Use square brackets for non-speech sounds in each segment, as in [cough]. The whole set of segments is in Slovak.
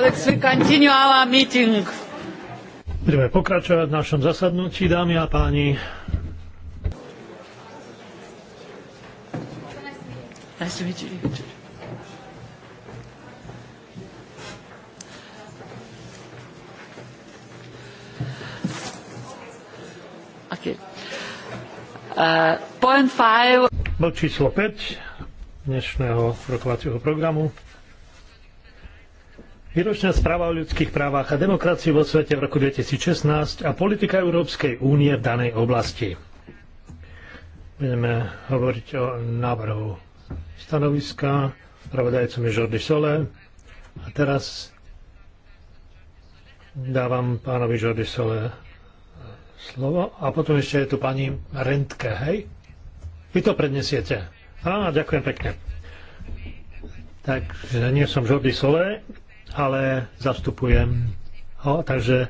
Colleagues, continue our meeting. Budeme pokračovať v našom zasadnutí, dámy a páni. Nice uh, Bod číslo 5 dnešného rokovacieho programu. Výročná správa o ľudských právach a demokracii vo svete v roku 2016 a politika Európskej únie v danej oblasti. Budeme hovoriť o návrhu stanoviska. Pravodajcom je Jordi Sole. A teraz dávam pánovi Jordi Sole slovo. A potom ešte je tu pani Rentke, hej? Vy to prednesiete. Á, ďakujem pekne. Takže nie som Jordi Sole, ale zastupujem ho, takže e,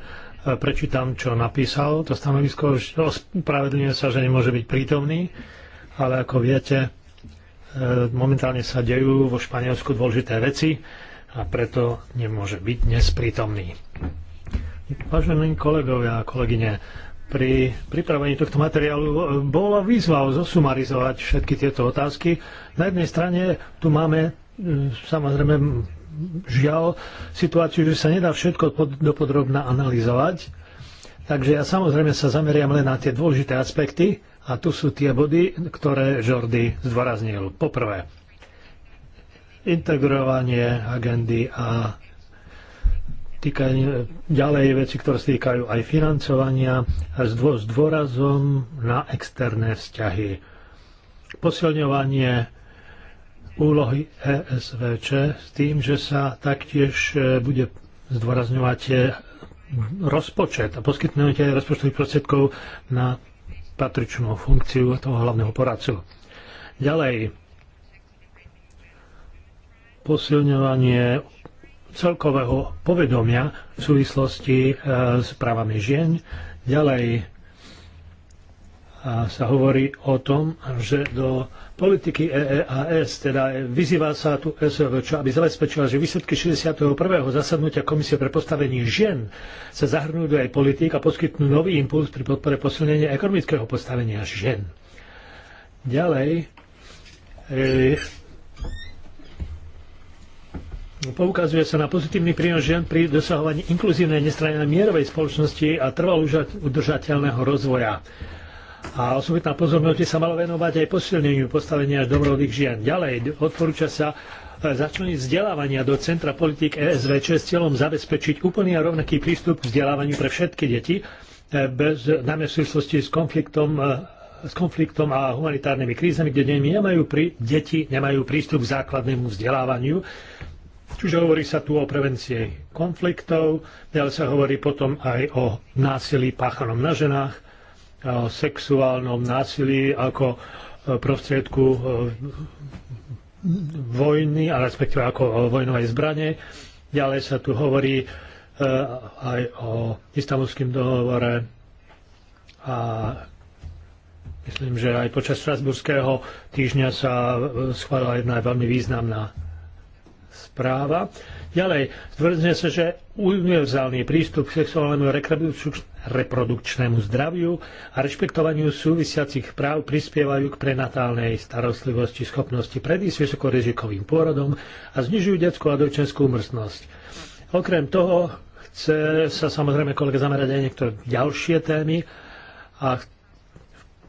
prečítam, čo napísal. To stanovisko ospravedlňuje sa, že nemôže byť prítomný, ale ako viete, e, momentálne sa dejú vo Španielsku dôležité veci a preto nemôže byť dnes prítomný. Vážení kolegovia a kolegyne, pri pripravení tohto materiálu e, bola výzva zosumarizovať všetky tieto otázky. Na jednej strane tu máme samozrejme žiaľ situáciu, že sa nedá všetko pod, dopodrobne analyzovať. Takže ja samozrejme sa zameriam len na tie dôležité aspekty a tu sú tie body, ktoré Jordi zdôraznil. Poprvé, integrovanie agendy a týkanie, ďalej veci, ktoré sa týkajú aj financovania a s dôrazom na externé vzťahy. Posilňovanie úlohy ESVČ s tým, že sa taktiež e, bude zdôrazňovať e, rozpočet a poskytnutie rozpočtových prostriedkov na patričnú funkciu toho hlavného poradcu. Ďalej, posilňovanie celkového povedomia v súvislosti e, s právami žien, ďalej a sa hovorí o tom, že do politiky EEAS, teda vyzýva sa tu SVČ, aby zabezpečila, že výsledky 61. zasadnutia Komisie pre postavenie žien sa zahrnú do aj politík a poskytnú nový impuls pri podpore posilnenia ekonomického postavenia žien. Ďalej, e, Poukazuje sa na pozitívny príjem žien pri dosahovaní inkluzívnej nestranenej mierovej spoločnosti a trvalo udržateľného rozvoja a osobitná pozornosť by sa malo venovať aj posilneniu postavenia dobrových žien. Ďalej odporúča sa e, začleniť vzdelávania do Centra politik ESVČ s cieľom zabezpečiť úplný a rovnaký prístup k vzdelávaniu pre všetky deti, e, bez, najmä v súvislosti s konfliktom, e, s konfliktom a humanitárnymi krízami, kde nemajú pri, deti nemajú prístup k základnému vzdelávaniu. Čiže hovorí sa tu o prevencii konfliktov, ďalej sa hovorí potom aj o násilí páchanom na ženách, o sexuálnom násilí ako e, prostriedku e, vojny, a respektíve ako o e, vojnovej zbrane. Ďalej sa tu hovorí aj o istambulskom dohovore a myslím, že aj počas Strasburského týždňa sa schválila jedna veľmi významná správa. Ďalej, zdôrazňuje sa, že univerzálny prístup k sexuálnemu reprodukčnému zdraviu a rešpektovaniu súvisiacich práv prispievajú k prenatálnej starostlivosti, schopnosti predísť vysokorizikovým pôrodom a znižujú detskú a dojčenskú mrznosť. Okrem toho chce sa samozrejme kolega zamerať aj niektoré ďalšie témy a v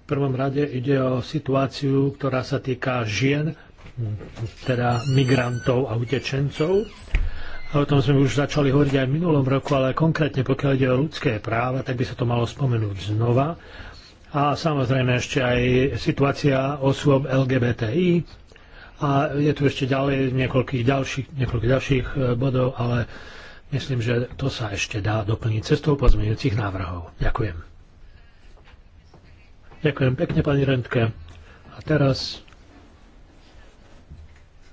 prvom rade ide o situáciu, ktorá sa týka žien teda migrantov a utečencov. A o tom sme už začali hovoriť aj v minulom roku, ale konkrétne pokiaľ ide o ľudské práva, tak by sa to malo spomenúť znova. A samozrejme ešte aj situácia osôb LGBTI. A je tu ešte ďalej niekoľkých ďalších, niekoľkých ďalších e, bodov, ale myslím, že to sa ešte dá doplniť cestou pozmeňujúcich návrhov. Ďakujem. Ďakujem pekne, pani Rentke. A teraz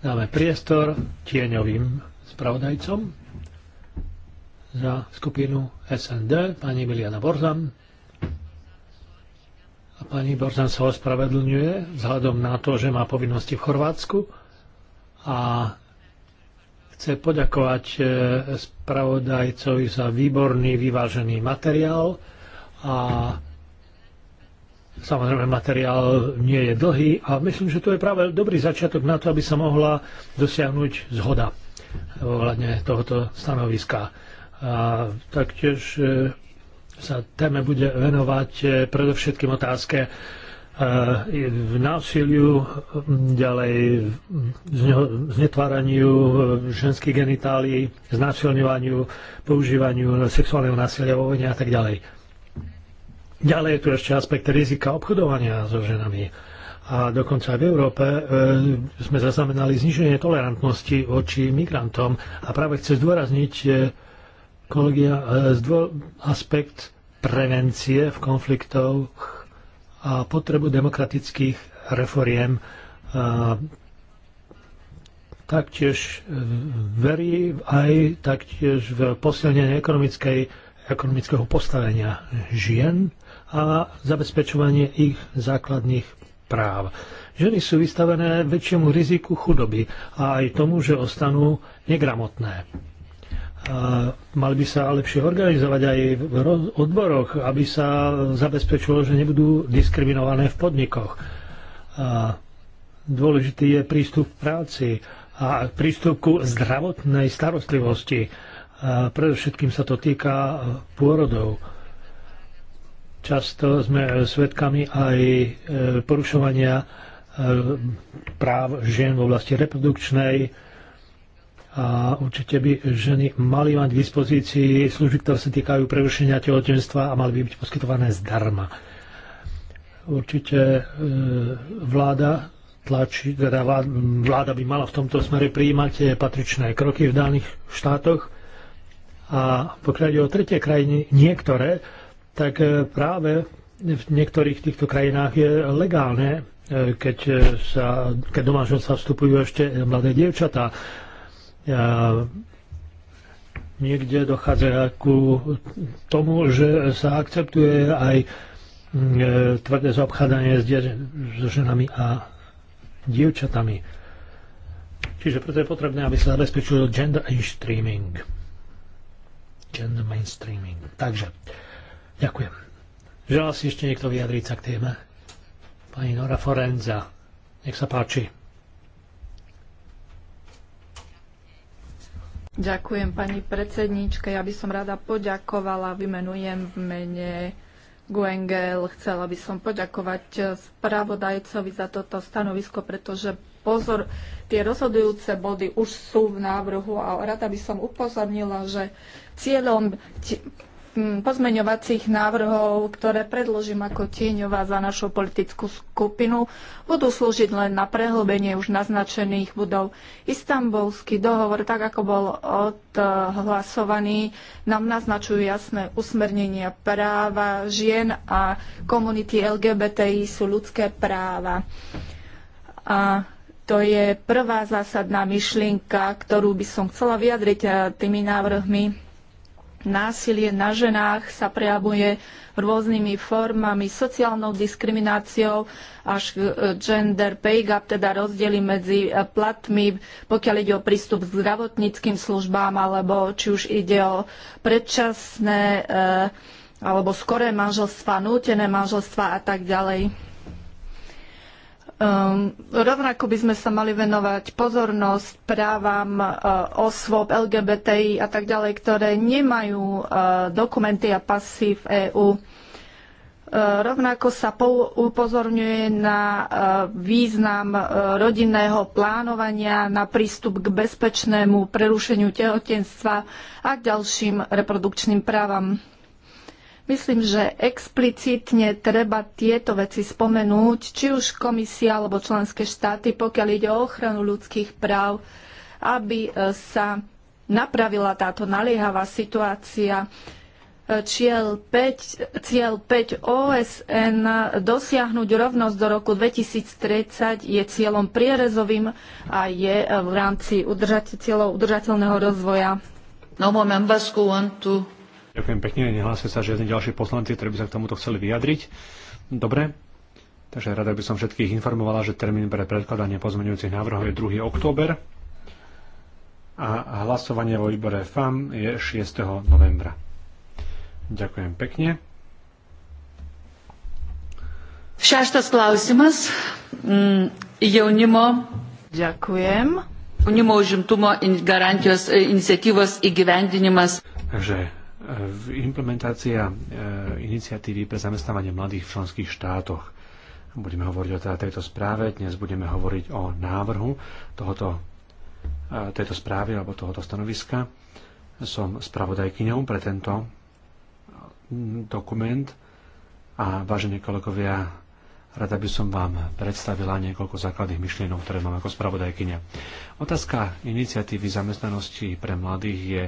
dáme priestor tieňovým spravodajcom za skupinu SND, pani Miliana Borzan. A pani Borzan sa ospravedlňuje vzhľadom na to, že má povinnosti v Chorvátsku a chce poďakovať e, spravodajcovi za výborný, vyvážený materiál a Samozrejme, materiál nie je dlhý a myslím, že to je práve dobrý začiatok na to, aby sa mohla dosiahnuť zhoda ohľadne tohoto stanoviska. A taktiež e, sa téme bude venovať e, predovšetkým otázke e, v násiliu, ďalej znetváraniu ženských genitálií, znásilňovaniu, používaniu sexuálneho násilia vo vojne a tak ďalej. Ďalej je tu ešte aspekt rizika obchodovania so ženami. A dokonca aj v Európe e, sme zaznamenali zniženie tolerantnosti voči migrantom. A práve chce zdôrazniť e, kolegia e, zdvo, aspekt prevencie v konfliktoch a potrebu demokratických reforiem. E, taktiež verí aj taktiež v posilnenie ekonomickej, ekonomického postavenia žien a zabezpečovanie ich základných práv. Ženy sú vystavené väčšiemu riziku chudoby a aj tomu, že ostanú negramotné. A mali by sa lepšie organizovať aj v odboroch, aby sa zabezpečilo, že nebudú diskriminované v podnikoch. A dôležitý je prístup k práci a prístup ku zdravotnej starostlivosti. A predovšetkým sa to týka pôrodov. Často sme eh, svedkami aj eh, porušovania eh, práv žien v oblasti reprodukčnej a určite by ženy mali mať k dispozícii služby, ktoré sa týkajú prerušenia tehotenstva a mali by byť poskytované zdarma. Určite vláda tlačí, teda vláda by mala v tomto smere prijímať patričné kroky v daných štátoch. A pokiaľ ide o tretie krajiny, niektoré tak e, práve v niektorých týchto krajinách je legálne, e, keď, e, sa, keď do manželstva vstupujú ešte mladé dievčatá. A niekde dochádza ku tomu, že sa akceptuje aj tvrdé zaobchádanie s, s ženami a dievčatami. Čiže preto je potrebné, aby sa zabezpečil gender mainstreaming. Gender mainstreaming. Takže, Ďakujem. Želal si ešte niekto vyjadriť sa k téme? Pani Nora Forenza, nech sa páči. Ďakujem pani predsedničke. Ja by som rada poďakovala, vymenujem v mene Guengel. Chcela by som poďakovať spravodajcovi za toto stanovisko, pretože pozor, tie rozhodujúce body už sú v návrhu a rada by som upozornila, že cieľom pozmeňovacích návrhov, ktoré predložím ako tieňová za našu politickú skupinu, budú slúžiť len na prehlbenie už naznačených budov. istambulský dohovor, tak ako bol odhlasovaný, nám naznačujú jasné usmernenia práva žien a komunity LGBTI sú ľudské práva. A to je prvá zásadná myšlienka, ktorú by som chcela vyjadriť tými návrhmi Násilie na ženách sa prejavuje rôznymi formami, sociálnou diskrimináciou až e, gender pay gap, teda rozdiely medzi e, platmi, pokiaľ ide o prístup k zdravotníckým službám, alebo či už ide o predčasné e, alebo skoré manželstva, nútené manželstva a tak ďalej. Um, rovnako by sme sa mali venovať pozornosť právam uh, osôb LGBTI a tak ďalej, ktoré nemajú uh, dokumenty a pasy v EÚ. E, rovnako sa upozorňuje na význam rodinného plánovania, na prístup k bezpečnému prerušeniu tehotenstva a k ďalším reprodukčným právam. Myslím, že explicitne treba tieto veci spomenúť, či už komisia alebo členské štáty, pokiaľ ide o ochranu ľudských práv, aby e, sa napravila táto naliehavá situácia. E, cieľ 5, cieľ 5 OSN dosiahnuť rovnosť do roku 2030 je cieľom prierezovým a je e, v rámci udržateľov udržateľného rozvoja. No Ďakujem pekne, nehlásia sa žiadne ďalší poslanci, ktorí by sa k tomuto chceli vyjadriť. Dobre, takže rada by som všetkých informovala, že termín pre predkladanie pozmeňujúcich návrhov je 2. október a hlasovanie vo výbore FAM je 6. novembra. Ďakujem pekne. Šeštas klausimas. Mm, jaunimo. Ďakujem jaunimo užimtumo garantijos e, iniciatyvos įgyvendinimas. Takže implementácia e, iniciatívy pre zamestnávanie mladých v členských štátoch. Budeme hovoriť o teda tejto správe, dnes budeme hovoriť o návrhu tohoto, e, tejto správy alebo tohoto stanoviska. Som spravodajkyňou pre tento dokument a vážení kolegovia, Rada by som vám predstavila niekoľko základných myšlienok, ktoré mám ako spravodajkynia. Otázka iniciatívy zamestnanosti pre mladých je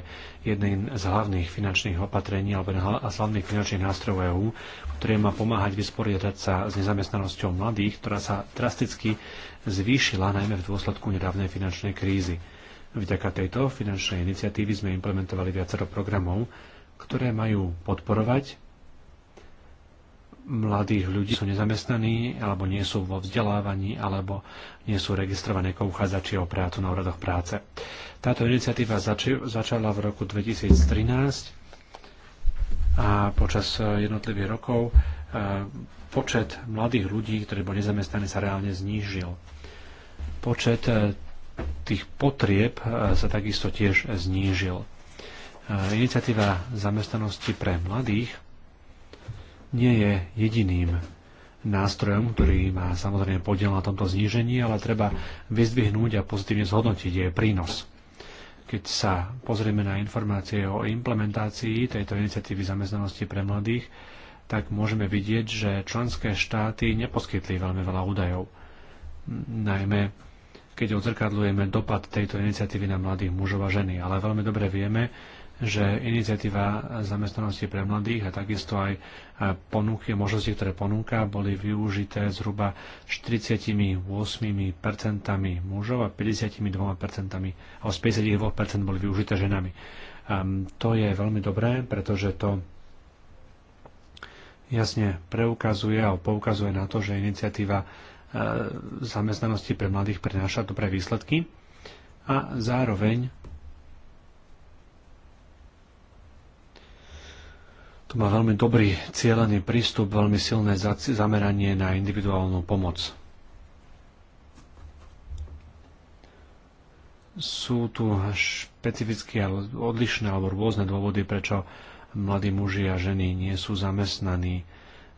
jedným z hlavných finančných opatrení alebo z hlavných finančných nástrojov EÚ, ktoré má pomáhať vysporiadať sa s nezamestnanosťou mladých, ktorá sa drasticky zvýšila najmä v dôsledku nedávnej finančnej krízy. Vďaka tejto finančnej iniciatívy sme implementovali viacero programov, ktoré majú podporovať mladých ľudí sú nezamestnaní alebo nie sú vo vzdelávaní alebo nie sú registrované ako uchádzači o prácu na úradoch práce. Táto iniciatíva zači- začala v roku 2013 a počas e, jednotlivých rokov e, počet mladých ľudí, ktorí boli nezamestnaní, sa reálne znížil. Počet e, tých potrieb sa takisto tiež znížil. Iniciatíva zamestnanosti pre mladých nie je jediným nástrojom, ktorý má samozrejme podiel na tomto znížení, ale treba vyzdvihnúť a pozitívne zhodnotiť jej prínos. Keď sa pozrieme na informácie o implementácii tejto iniciatívy zamestnanosti pre mladých, tak môžeme vidieť, že členské štáty neposkytli veľmi veľa údajov. Najmä keď odzrkadlujeme dopad tejto iniciatívy na mladých mužov a ženy. Ale veľmi dobre vieme, že iniciatíva zamestnanosti pre mladých a takisto aj ponuky, možnosti, ktoré ponúka, boli využité zhruba 48% mužov a 52% alebo z 52% boli využité ženami. Ehm, to je veľmi dobré, pretože to jasne preukazuje alebo poukazuje na to, že iniciatíva e, zamestnanosti pre mladých prináša dobré výsledky a zároveň To má veľmi dobrý cieľený prístup, veľmi silné zameranie na individuálnu pomoc. Sú tu špecifické odlišné alebo rôzne dôvody, prečo mladí muži a ženy nie sú zamestnaní.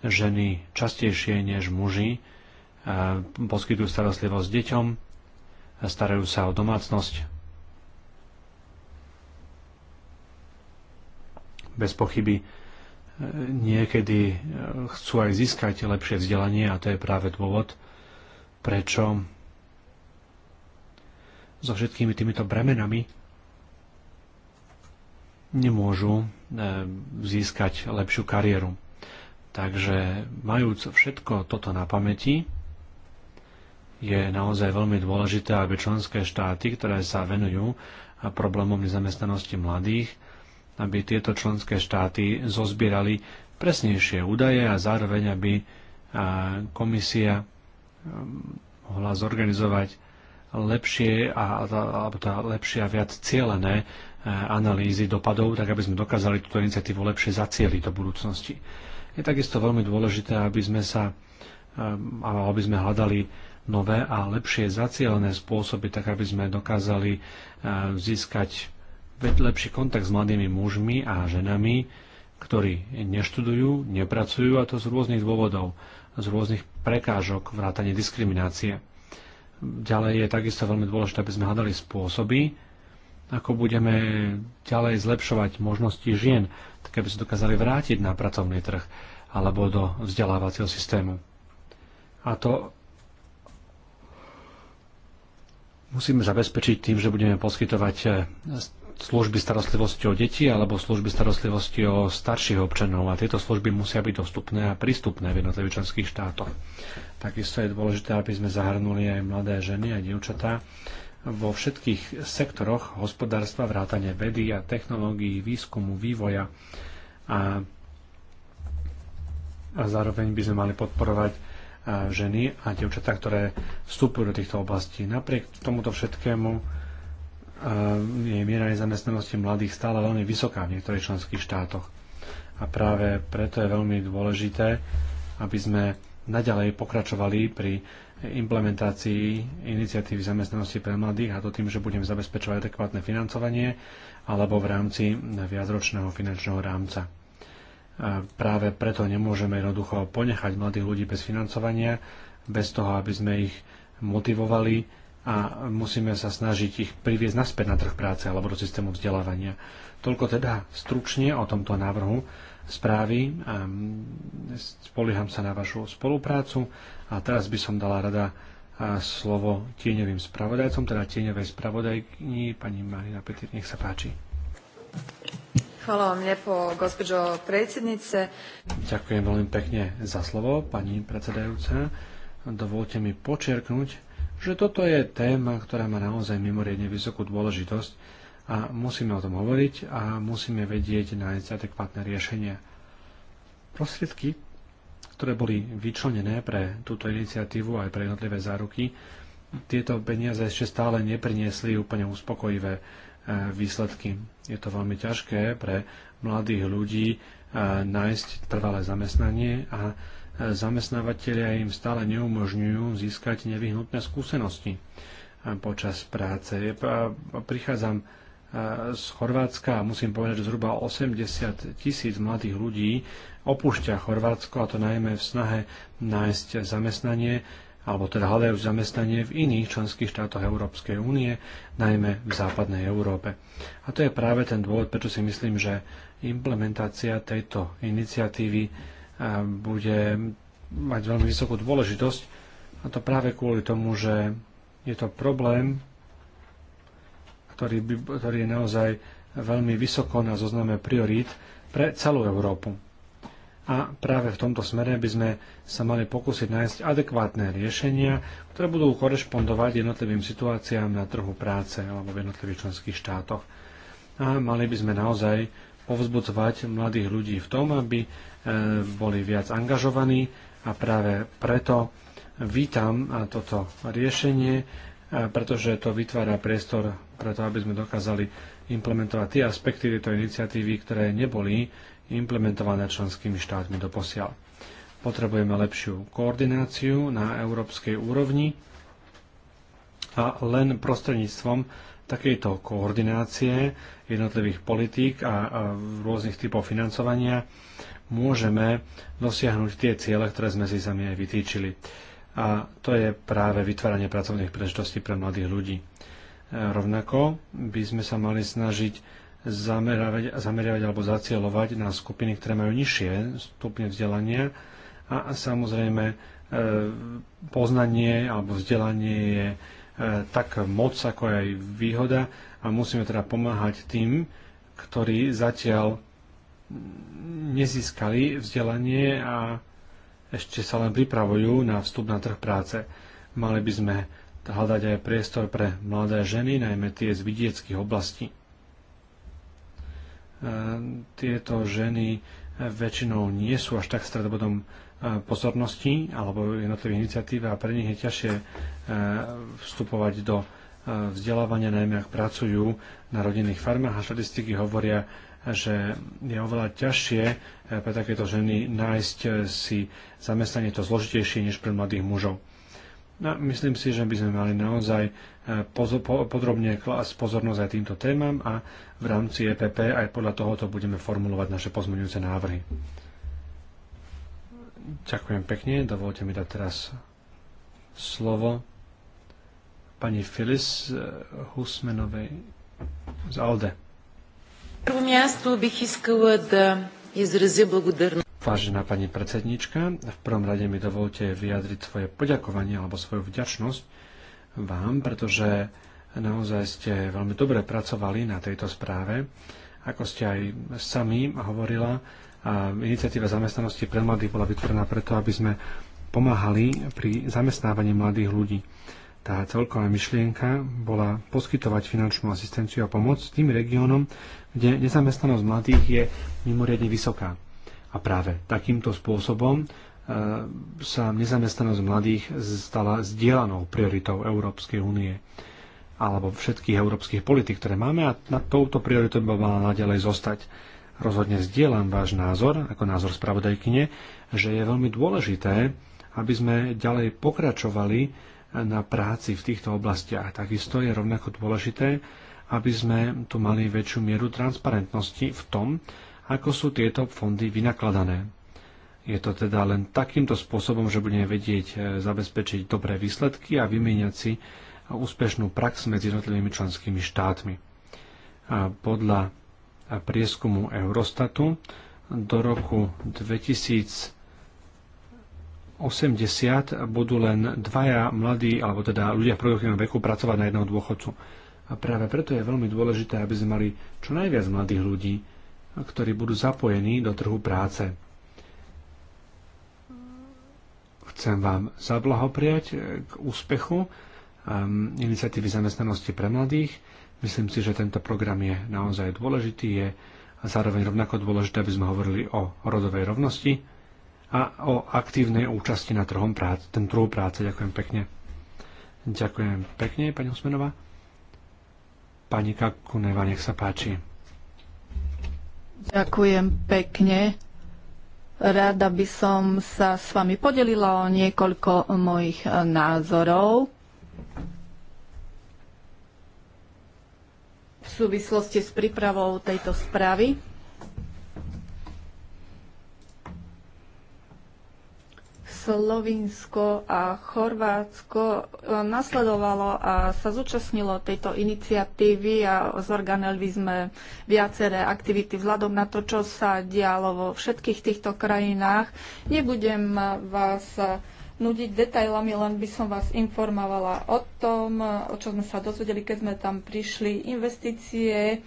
Ženy častejšie než muži e, poskytujú starostlivosť deťom, starajú sa o domácnosť. Bez pochyby niekedy e, chcú aj získať lepšie vzdelanie a to je práve dôvod, prečo so všetkými týmito bremenami nemôžu e, získať lepšiu kariéru. Takže majúc všetko toto na pamäti, je naozaj veľmi dôležité, aby členské štáty, ktoré sa venujú problémom nezamestnanosti mladých, aby tieto členské štáty zozbierali presnejšie údaje a zároveň, aby komisia mohla zorganizovať lepšie a, alebo tá lepšie a viac cieľené analýzy dopadov, tak aby sme dokázali túto iniciatívu lepšie zacieliť do budúcnosti. Je takisto veľmi dôležité, aby sme sa aby sme hľadali nové a lepšie zacielené spôsoby, tak aby sme dokázali získať lepší kontakt s mladými mužmi a ženami, ktorí neštudujú, nepracujú a to z rôznych dôvodov, z rôznych prekážok vrátane diskriminácie. Ďalej je takisto veľmi dôležité, aby sme hľadali spôsoby, ako budeme ďalej zlepšovať možnosti žien, tak aby sa dokázali vrátiť na pracovný trh alebo do vzdelávacieho systému. A to musíme zabezpečiť tým, že budeme poskytovať služby starostlivosti o deti alebo služby starostlivosti o starších občanov a tieto služby musia byť dostupné a prístupné v jednotlivých členských štátoch. Takisto je dôležité, aby sme zahrnuli aj mladé ženy a dievčatá vo všetkých sektoroch hospodárstva, vrátane vedy a technológií, výskumu, vývoja a, a zároveň by sme mali podporovať ženy a dievčatá, ktoré vstupujú do týchto oblastí. Napriek tomuto všetkému E, je miera nezamestnanosti mladých stále veľmi vysoká v niektorých členských štátoch. A práve preto je veľmi dôležité, aby sme naďalej pokračovali pri implementácii iniciatívy zamestnanosti pre mladých a to tým, že budeme zabezpečovať adekvátne financovanie alebo v rámci viacročného finančného rámca. A e, práve preto nemôžeme jednoducho ponechať mladých ľudí bez financovania, bez toho, aby sme ich motivovali a musíme sa snažiť ich priviesť naspäť na trh práce alebo do systému vzdelávania. Toľko teda stručne o tomto návrhu správy. Ehm, spolieham sa na vašu spoluprácu a teraz by som dala rada slovo tieňovým spravodajcom, teda tieňovej spravodajkyni, pani Marina Petit, nech sa páči. Hvala vám lijepo, gospođo predsjednice. Ďakujem veľmi pekne za slovo, pani predsedajúca. Dovolte mi počerknúť, že toto je téma, ktorá má naozaj mimoriadne vysokú dôležitosť a musíme o tom hovoriť a musíme vedieť nájsť adekvátne riešenia. Prostriedky, ktoré boli vyčlenené pre túto iniciatívu aj pre jednotlivé záruky, tieto peniaze ešte stále nepriniesli úplne uspokojivé e, výsledky. Je to veľmi ťažké pre mladých ľudí e, nájsť trvalé zamestnanie a zamestnávateľia im stále neumožňujú získať nevyhnutné skúsenosti počas práce. Prichádzam z Chorvátska a musím povedať, že zhruba 80 tisíc mladých ľudí opúšťa Chorvátsko a to najmä v snahe nájsť zamestnanie alebo teda hľadajú zamestnanie v iných členských štátoch Európskej únie, najmä v západnej Európe. A to je práve ten dôvod, prečo si myslím, že implementácia tejto iniciatívy bude mať veľmi vysokú dôležitosť a to práve kvôli tomu, že je to problém, ktorý, by, ktorý je naozaj veľmi vysoko na zozname priorít pre celú Európu. A práve v tomto smere by sme sa mali pokúsiť nájsť adekvátne riešenia, ktoré budú korešpondovať jednotlivým situáciám na trhu práce alebo v jednotlivých členských štátoch. A mali by sme naozaj povzbudzovať mladých ľudí v tom, aby e, boli viac angažovaní a práve preto vítam toto riešenie, e, pretože to vytvára priestor preto, aby sme dokázali implementovať tie aspekty tejto iniciatívy, ktoré neboli implementované členskými štátmi do posiaľ. Potrebujeme lepšiu koordináciu na európskej úrovni a len prostredníctvom takejto koordinácie jednotlivých politík a, a rôznych typov financovania môžeme dosiahnuť tie ciele, ktoré sme si sami aj vytýčili. A to je práve vytváranie pracovných príležitostí pre mladých ľudí. E, rovnako by sme sa mali snažiť zameriavať, zameriavať alebo zacielovať na skupiny, ktoré majú nižšie stupne vzdelania a samozrejme e, poznanie alebo vzdelanie je tak moc, ako aj výhoda a musíme teda pomáhať tým, ktorí zatiaľ nezískali vzdelanie a ešte sa len pripravujú na vstup na trh práce. Mali by sme hľadať aj priestor pre mladé ženy, najmä tie z vidieckých oblastí. Ehm, tieto ženy väčšinou nie sú až tak stredobodom pozornosti alebo jednotlivých iniciatív a pre nich je ťažšie e, vstupovať do e, vzdelávania, najmä ak pracujú na rodinných farmách a štatistiky hovoria, že je oveľa ťažšie e, pre takéto ženy nájsť si zamestnanie to zložitejšie než pre mladých mužov. No, myslím si, že by sme mali naozaj podrobne klásť pozornosť aj týmto témam a v rámci EPP aj podľa tohoto budeme formulovať naše pozmeňujúce návrhy. Ďakujem pekne. Dovolte mi dať teraz slovo pani Filis eh, Husmenovej z Alde. Vážená pani predsednička, v prvom rade mi dovolte vyjadriť svoje poďakovanie alebo svoju vďačnosť vám, pretože naozaj ste veľmi dobre pracovali na tejto správe. Ako ste aj sami hovorila, iniciatíva zamestnanosti pre mladých bola vytvorená preto, aby sme pomáhali pri zamestnávaní mladých ľudí. Tá celková myšlienka bola poskytovať finančnú asistenciu a pomoc tým regiónom, kde nezamestnanosť mladých je mimoriadne vysoká. A práve takýmto spôsobom e, sa nezamestnanosť mladých stala zdieľanou prioritou Európskej únie alebo všetkých európskych politik, ktoré máme a na touto prioritou by mala naďalej zostať. Rozhodne zdieľam váš názor, ako názor spravodajkyne, že je veľmi dôležité, aby sme ďalej pokračovali na práci v týchto oblastiach. Takisto je rovnako dôležité, aby sme tu mali väčšiu mieru transparentnosti v tom, ako sú tieto fondy vynakladané. Je to teda len takýmto spôsobom, že budeme vedieť e, zabezpečiť dobré výsledky a vymieňať si úspešnú prax medzi jednotlivými členskými štátmi. A podľa a prieskumu Eurostatu do roku 2000 80 budú len dvaja mladí, alebo teda ľudia v produktívnom veku pracovať na jedného dôchodcu. A práve preto je veľmi dôležité, aby sme mali čo najviac mladých ľudí, ktorí budú zapojení do trhu práce. Chcem vám zablahopriať k úspechu ehm, iniciatívy zamestnanosti pre mladých Myslím si, že tento program je naozaj dôležitý, je a zároveň rovnako dôležité, aby sme hovorili o rodovej rovnosti a o aktívnej účasti na trhom práce, ten trhu práce. Ďakujem pekne. Ďakujem pekne, pani Usmenová. Pani Kakuneva, nech sa páči. Ďakujem pekne. Rada by som sa s vami podelila o niekoľko mojich názorov. v súvislosti s prípravou tejto správy. Slovinsko a Chorvátsko e, nasledovalo a sa zúčastnilo tejto iniciatívy a zorganizovali sme viaceré aktivity vzhľadom na to, čo sa dialo vo všetkých týchto krajinách. Nebudem vás nudiť detailami, len by som vás informovala o tom, o čo sme sa dozvedeli, keď sme tam prišli. Investície e,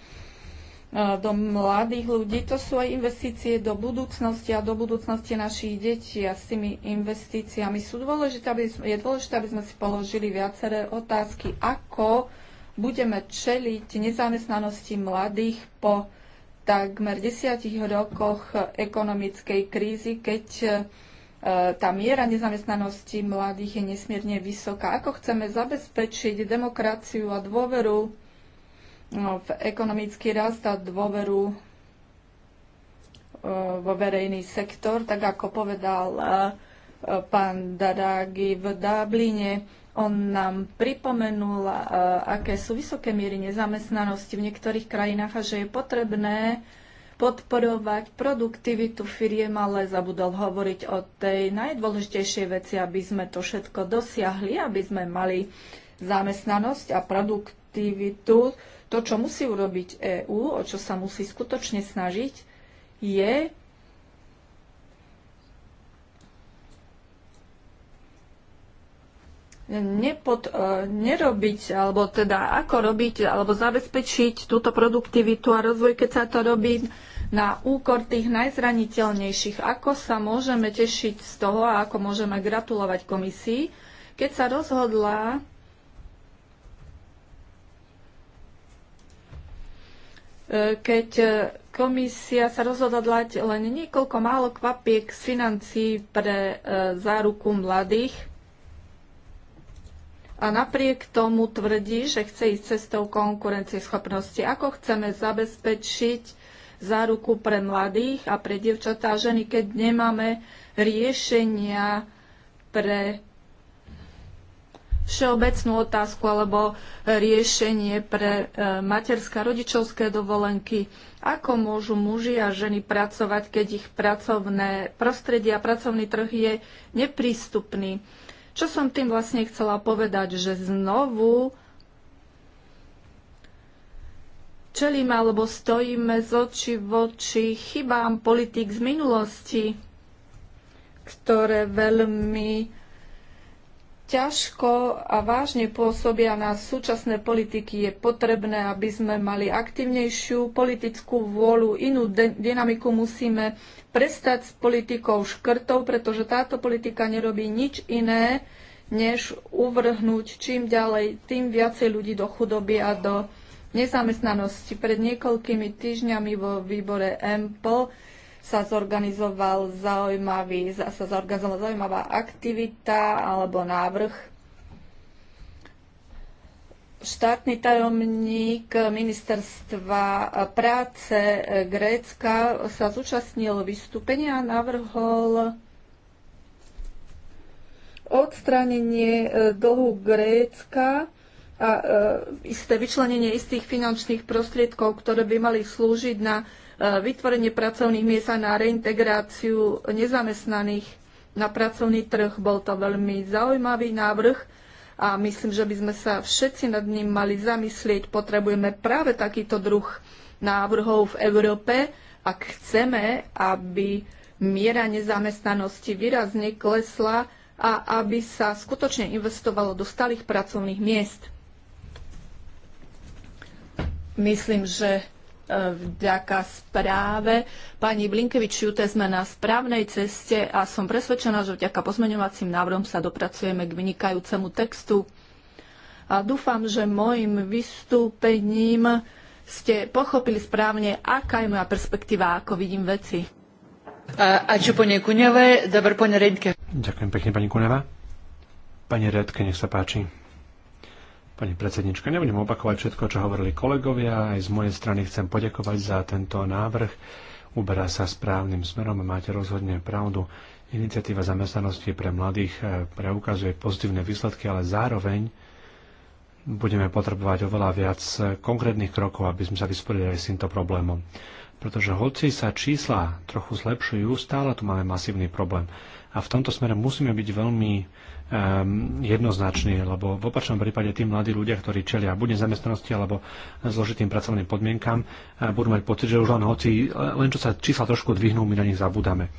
do mladých ľudí, to sú aj investície do budúcnosti a do budúcnosti našich detí a s tými investíciami sú dôležité, aby, je dôležité, aby sme si položili viaceré otázky, ako budeme čeliť nezamestnanosti mladých po takmer desiatich rokoch ekonomickej krízy, keď tá miera nezamestnanosti mladých je nesmierne vysoká. Ako chceme zabezpečiť demokraciu a dôveru no, v ekonomický rast a dôveru e, vo verejný sektor, tak ako povedal e, pán Darági v Dábline, on nám pripomenul, e, aké sú vysoké miery nezamestnanosti v niektorých krajinách a že je potrebné podporovať produktivitu firiem, ale zabudol hovoriť o tej najdôležitejšej veci, aby sme to všetko dosiahli, aby sme mali zamestnanosť a produktivitu. To, čo musí urobiť EÚ, o čo sa musí skutočne snažiť, je nepod, e, nerobiť, alebo teda ako robiť, alebo zabezpečiť túto produktivitu a rozvoj, keď sa to robí na úkor tých najzraniteľnejších. Ako sa môžeme tešiť z toho a ako môžeme gratulovať komisii, keď sa rozhodla e, keď komisia sa rozhodla dať len niekoľko málo kvapiek z financií pre e, záruku mladých a napriek tomu tvrdí, že chce ísť cestou konkurencieschopnosti. Ako chceme zabezpečiť záruku pre mladých a pre dievčatá a ženy, keď nemáme riešenia pre všeobecnú otázku alebo riešenie pre e, materské a rodičovské dovolenky. Ako môžu muži a ženy pracovať, keď ich pracovné prostredie a pracovný trh je neprístupný? Čo som tým vlastne chcela povedať, že znovu čelíme alebo stojíme z oči v oči chybám politik z minulosti, ktoré veľmi ťažko a vážne pôsobia na súčasné politiky, je potrebné, aby sme mali aktívnejšiu politickú vôľu, inú dynamiku musíme prestať s politikou škrtov, pretože táto politika nerobí nič iné, než uvrhnúť čím ďalej, tým viacej ľudí do chudoby a do nezamestnanosti. Pred niekoľkými týždňami vo výbore MPL sa zorganizoval zaujímavý, sa zorganizovala zaujímavá aktivita alebo návrh. Štátny tajomník ministerstva práce Grécka sa zúčastnil vystúpenia a navrhol odstránenie e, dlhu Grécka a e, isté vyčlenenie istých finančných prostriedkov, ktoré by mali slúžiť na Eh, vytvorenie pracovných miest a na reintegráciu nezamestnaných na pracovný trh. Bol to veľmi zaujímavý návrh a myslím, že by sme sa všetci nad ním mali zamyslieť. Potrebujeme práve takýto druh návrhov v Európe, ak chceme, aby miera nezamestnanosti výrazne klesla a aby sa skutočne investovalo do stálych pracovných miest. Myslím, že E, vďaka správe pani Blinkevič Jute sme na správnej ceste a som presvedčená, že vďaka pozmeňovacím návrhom sa dopracujeme k vynikajúcemu textu. A dúfam, že môjim vystúpením ste pochopili správne, aká je moja perspektíva, ako vidím veci. A, a čo nej Kuňové, dobrý pani Redke. Ďakujem pekne, pani Kuneva. Pani Redke, nech sa páči. Pani predsednička, nebudem opakovať všetko, čo hovorili kolegovia. Aj z mojej strany chcem poďakovať za tento návrh. Uberá sa správnym smerom a máte rozhodne pravdu. Iniciatíva zamestnanosti pre mladých eh, preukazuje pozitívne výsledky, ale zároveň budeme potrebovať oveľa viac eh, konkrétnych krokov, aby sme sa vysporiadali s týmto problémom. Pretože hoci sa čísla trochu zlepšujú, stále tu máme masívny problém. A v tomto smere musíme byť veľmi Ehm, jednoznačný, lebo v opačnom prípade tí mladí ľudia, ktorí čelia buď nezamestnanosti alebo zložitým pracovným podmienkam, eh, budú mať pocit, že už len hoci, eh, len čo sa čísla trošku dvihnú, my na nich zabúdame.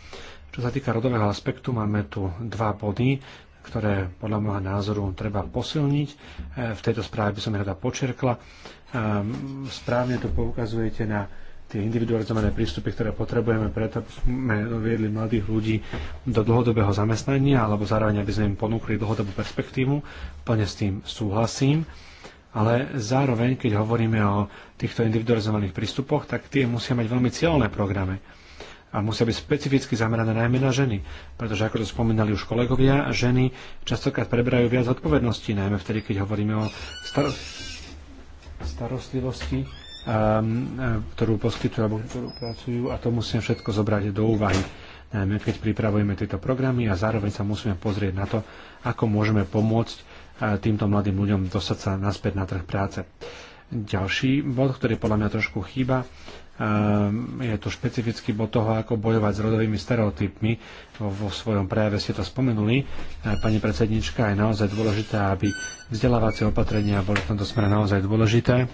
Čo sa týka rodového aspektu, máme tu dva body, ktoré podľa môjho názoru treba posilniť. Eh, v tejto správe by som rada počerkla. Ehm, správne to poukazujete na tie individualizované prístupy, ktoré potrebujeme preto, aby sme viedli mladých ľudí do dlhodobého zamestnania alebo zároveň, aby sme im ponúkli dlhodobú perspektívu. Plne s tým súhlasím. Ale zároveň, keď hovoríme o týchto individualizovaných prístupoch, tak tie musia mať veľmi cieľné programy a musia byť špecificky zamerané najmä na ženy, pretože ako to spomínali už kolegovia, ženy častokrát preberajú viac odpovedností, najmä vtedy, keď hovoríme o star- starostlivosti Ehm, e, ktorú poskytujú alebo ktorú pracujú a to musíme všetko zobrať do úvahy najmä keď pripravujeme tieto programy a zároveň sa musíme pozrieť na to, ako môžeme pomôcť e, týmto mladým ľuďom dostať sa naspäť na trh práce. Ďalší bod, ktorý podľa mňa trošku chýba, ehm, je to špecifický bod toho, ako bojovať s rodovými stereotypmi. Vo svojom prejave ste to spomenuli. E, pani predsednička, je naozaj dôležité, aby vzdelávacie opatrenia boli v tomto smere naozaj dôležité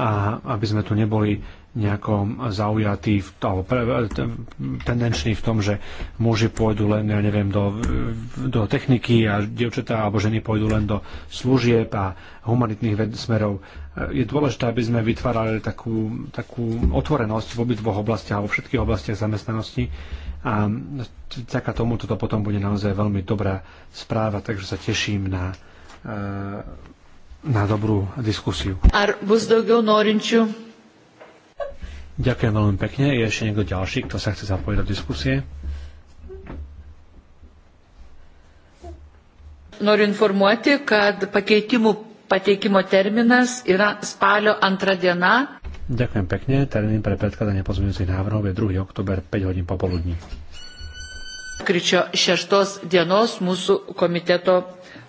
a aby sme tu neboli nejako zaujatí alebo tendenční v tom, že muži pôjdu len, ja neviem, do, do techniky a dievčatá alebo ženy pôjdu len do služieb a humanitných smerov. Je dôležité, aby sme vytvárali takú, takú otvorenosť v obidvoch oblastiach alebo vo všetkých oblastiach zamestnanosti a vďaka tomu toto potom bude naozaj veľmi dobrá správa, takže sa teším na e, na dobrú diskusiu. Ar bus daugiau norinčių? Ďakujem veľmi pekne. Je ešte niekto ďalší, kto sa chce zapojiť do diskusie? Noriu informuoti, kad pakeitimų pateikimo terminas yra spalio antra diena. Ďakujem pekne. Termín pre predkladanie pozmeňujúcich návrhov je 2. oktober 5 hodín popoludní. Kričo 6 dienos mūsų komiteto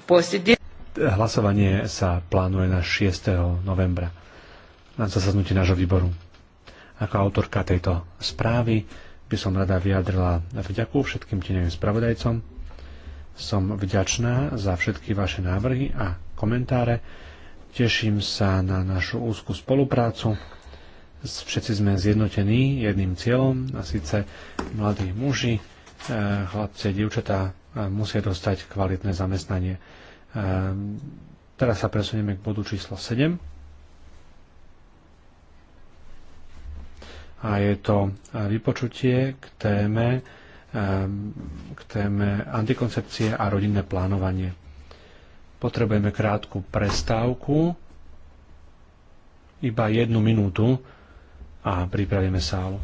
posėdį. Hlasovanie sa plánuje na 6. novembra na zasadnutí nášho výboru. Ako autorka tejto správy by som rada vyjadrila vďaku všetkým tenevým spravodajcom. Som vďačná za všetky vaše návrhy a komentáre. Teším sa na našu úzku spoluprácu. Všetci sme zjednotení jedným cieľom, a síce mladí muži, eh, chlapci, a dievčatá eh, musia dostať kvalitné zamestnanie Ehm, teraz sa presunieme k bodu číslo 7. A je to vypočutie k téme, ehm, k téme antikoncepcie a rodinné plánovanie. Potrebujeme krátku prestávku, iba jednu minútu a pripravíme sálu.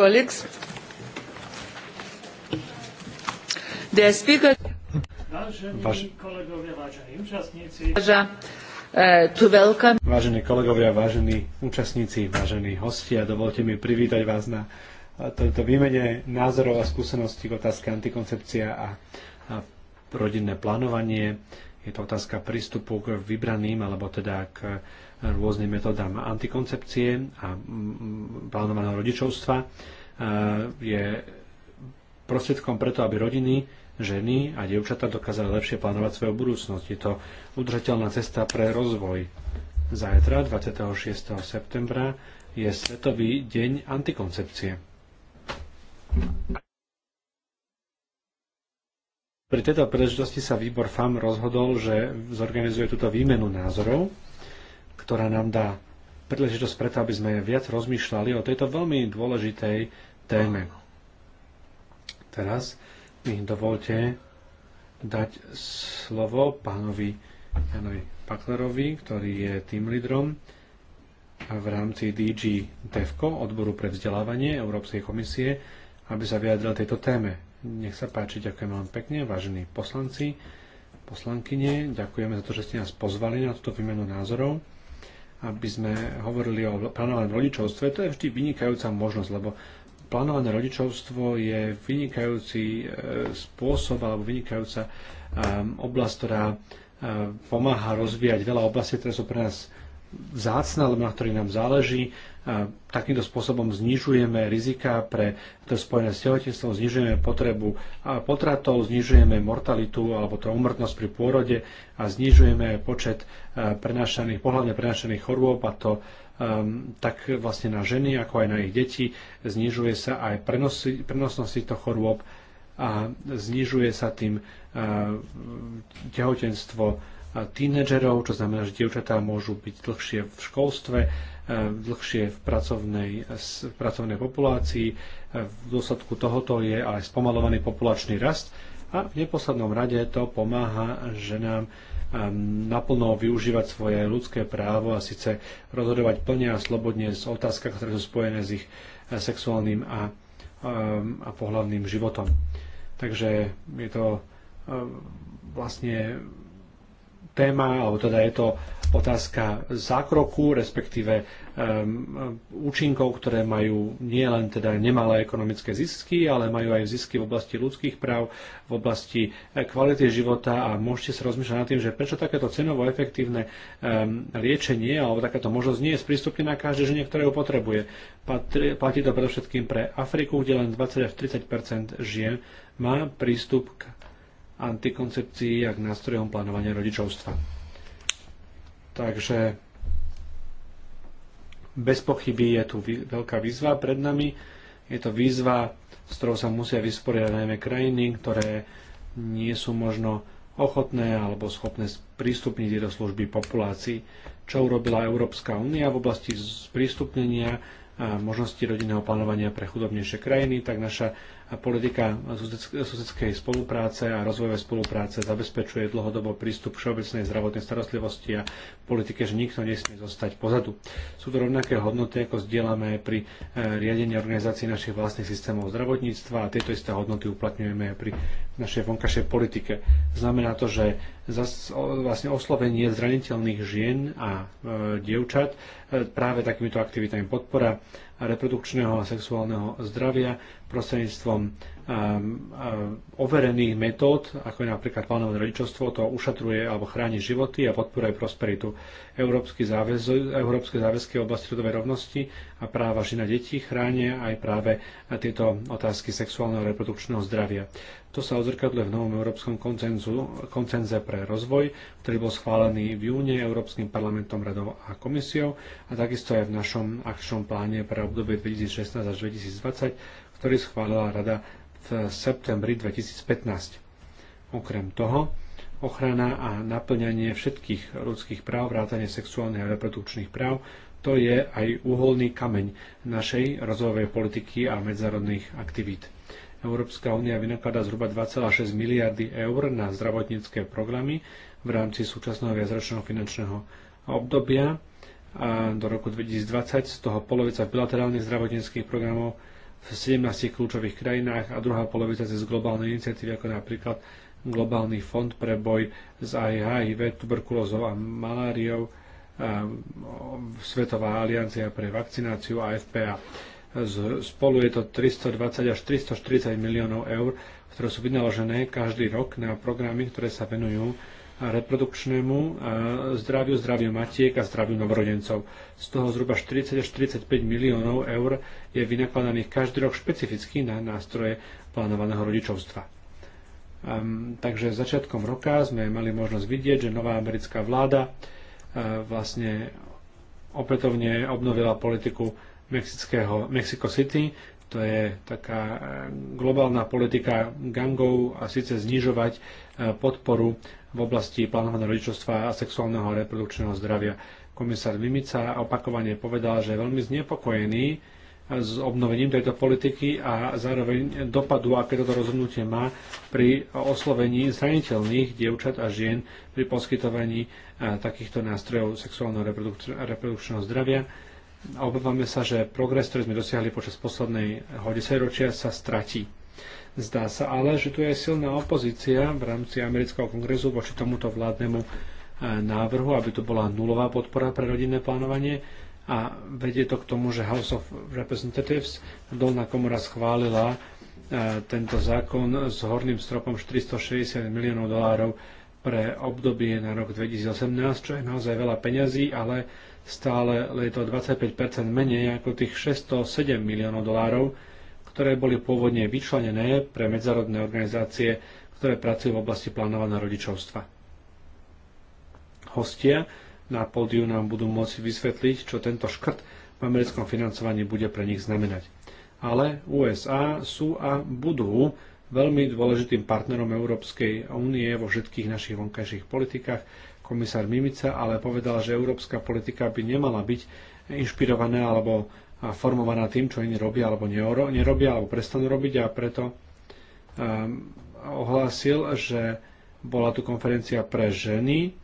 colleagues. speaker... Kolegovia, vážení účastníci, eh, vážení kolegovia, vážení účastníci, vážení hostia, dovolte mi privítať vás na eh, tejto výmene názorov a skúseností k otázke antikoncepcia a, a rodinné plánovanie. Je to otázka prístupu k vybraným alebo teda k rôznym metodám antikoncepcie a mm, mm, plánovaného rodičovstva. E, je prostriedkom preto, aby rodiny, ženy a dievčatá dokázali lepšie plánovať svoju budúcnosť. Je to udržateľná cesta pre rozvoj. Zajtra, 26. septembra, je Svetový deň antikoncepcie. Pri tejto príležitosti sa výbor FAM rozhodol, že zorganizuje túto výmenu názorov, ktorá nám dá príležitosť preto, aby sme viac rozmýšľali o tejto veľmi dôležitej téme. Teraz mi dovolte dať slovo pánovi Janovi Paklerovi, ktorý je tým lídrom v rámci DG DEVCO, odboru pre vzdelávanie Európskej komisie, aby sa vyjadril tejto téme. Nech sa páči, ďakujem vám pekne, vážení poslanci, poslankyne. Ďakujeme za to, že ste nás pozvali na túto výmenu názorov, aby sme hovorili o plánovanom rodičovstve. To je vždy vynikajúca možnosť, lebo plánované rodičovstvo je vynikajúci e, spôsob alebo vynikajúca e, oblasť, ktorá e, pomáha rozvíjať veľa oblastí, ktoré sú pre nás vzácne, alebo na ktorých nám záleží Takýmto spôsobom znižujeme rizika pre to spojené s tehotenstvom, znižujeme potrebu potratov, znižujeme mortalitu alebo to teda umrtnosť pri pôrode a znižujeme počet e, prenášaných, pohľadne prenášaných chorôb a to um, tak vlastne na ženy, ako aj na ich deti. Znižuje sa aj prenosi, prenosnosť týchto chorôb a znižuje sa tým uh, tehotenstvo e, tínedžerov, čo znamená, že dievčatá môžu byť dlhšie v školstve dlhšie v pracovnej, v pracovnej populácii. V dôsledku tohoto je aj spomalovaný populačný rast a v neposlednom rade to pomáha ženám ehm, naplno využívať svoje ľudské právo a síce rozhodovať plne a slobodne z otázkach, ktoré sú spojené s ich eh, sexuálnym a, ehm, a pohľavným životom. Takže je to eh, vlastne téma, alebo teda je to otázka zákroku, respektíve um, účinkov, ktoré majú nielen teda nemalé ekonomické zisky, ale majú aj zisky v oblasti ľudských práv, v oblasti eh, kvality života a môžete sa rozmýšľať nad tým, že prečo takéto cenovo efektívne um, liečenie alebo takáto možnosť nie je sprístupnená každej žene, ktorá ju potrebuje. Patri, platí to predovšetkým pre Afriku, kde len 20 až 30 žien má prístup k antikoncepcii a k nástrojom plánovania rodičovstva. Takže bez pochyby je tu veľká výzva pred nami. Je to výzva, s ktorou sa musia vysporiadať najmä krajiny, ktoré nie sú možno ochotné alebo schopné prístupniť tieto služby populácii, čo urobila Európska únia v oblasti sprístupnenia možnosti rodinného plánovania pre chudobnejšie krajiny, tak naša politika susedskej spolupráce a rozvojovej spolupráce zabezpečuje dlhodobo prístup všeobecnej zdravotnej starostlivosti a politike, že nikto nesmie zostať pozadu. Sú to rovnaké hodnoty, ako zdieľame pri e, riadení organizácií našich vlastných systémov zdravotníctva a tieto isté hodnoty uplatňujeme aj pri našej vonkašej politike. Znamená to, že vlastne oslovenie zraniteľných žien a e, dievčat e, práve takýmito aktivitami podpora reprodukčného a sexuálneho zdravia prostredníctvom um, um, overených metód, ako je napríklad plánované rodičovstvo, to ušatruje alebo chráni životy a podporuje prosperitu. Európske záväz, Európske záväzky v oblasti rodovej rovnosti a práva žina detí chránia aj práve tieto otázky sexuálneho a reprodukčného zdravia. To sa odzrkadluje v novom Európskom koncenzu, koncenze pre rozvoj, ktorý bol schválený v júni Európskym parlamentom, radou a komisiou a takisto aj v našom akčnom pláne pre obdobie 2016 až 2020, ktorý schválila Rada v septembri 2015. Okrem toho, ochrana a naplňanie všetkých ľudských práv, vrátanie sexuálnych a reprodukčných práv, to je aj uholný kameň našej rozvojovej politiky a medzinárodných aktivít. Európska únia vynakladá zhruba 2,6 miliardy eur na zdravotnícke programy v rámci súčasného viacročného finančného obdobia a do roku 2020, z toho polovica bilaterálnych zdravotníckých programov v 17 kľúčových krajinách a druhá polovica cez globálne iniciatívy ako napríklad Globálny fond pre boj s HIV, tuberkulózou a maláriou, Svetová aliancia pre vakcináciu a FPA. Spolu je to 320 až 340 miliónov eur, ktoré sú vynaložené každý rok na programy, ktoré sa venujú reprodukčnému zdraviu, zdraviu matiek a zdraviu novorodencov. Z toho zhruba 40 až 45 miliónov eur je vynakladaných každý rok špecificky na nástroje plánovaného rodičovstva. Um, takže začiatkom roka sme mali možnosť vidieť, že nová americká vláda uh, vlastne opätovne obnovila politiku Mexického, Mexico City, to je taká eh, globálna politika gangov a síce znižovať eh, podporu v oblasti plánovaného rodičovstva a sexuálneho a reprodukčného zdravia. Komisár Mimica opakovane povedal, že je veľmi znepokojený eh, s obnovením tejto politiky a zároveň dopadu, aké toto rozhodnutie má pri oslovení zraniteľných dievčat a žien pri poskytovaní takýchto nástrojov sexuálneho reprodukčného zdravia obávame sa, že progres, ktorý sme dosiahli počas poslednej desaťročia, sa stratí. Zdá sa ale, že tu je silná opozícia v rámci amerického kongresu voči tomuto vládnemu e, návrhu, aby to bola nulová podpora pre rodinné plánovanie a vedie to k tomu, že House of Representatives, dolná komora schválila e, tento zákon s horným stropom 460 miliónov dolárov pre obdobie na rok 2018, čo je naozaj veľa peňazí, ale stále je to 25 menej ako tých 607 miliónov dolárov, ktoré boli pôvodne vyčlenené pre medzárodné organizácie, ktoré pracujú v oblasti plánovania rodičovstva. Hostia na pódiu nám budú môcť vysvetliť, čo tento škrt v americkom financovaní bude pre nich znamenať. Ale USA sú a budú veľmi dôležitým partnerom Európskej únie vo všetkých našich vonkajších politikách, komisár Mimica, ale povedal, že európska politika by nemala byť inšpirovaná alebo formovaná tým, čo iní robia alebo nerobia alebo prestanú robiť a preto um, ohlásil, že bola tu konferencia pre ženy,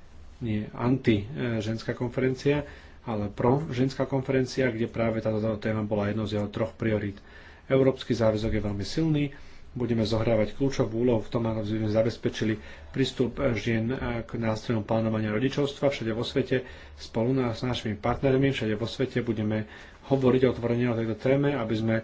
nie anti-ženská eh, konferencia, ale pro-ženská konferencia, kde práve táto téma bola jednou z jeho troch priorít. Európsky záväzok je veľmi silný, budeme zohrávať kľúčovú úlohu v tom, aby sme zabezpečili prístup žien eh, k nástrojom plánovania rodičovstva všade vo svete. Spolu s našimi partnermi všade vo svete budeme hovoriť o otvorení o tejto téme, aby sme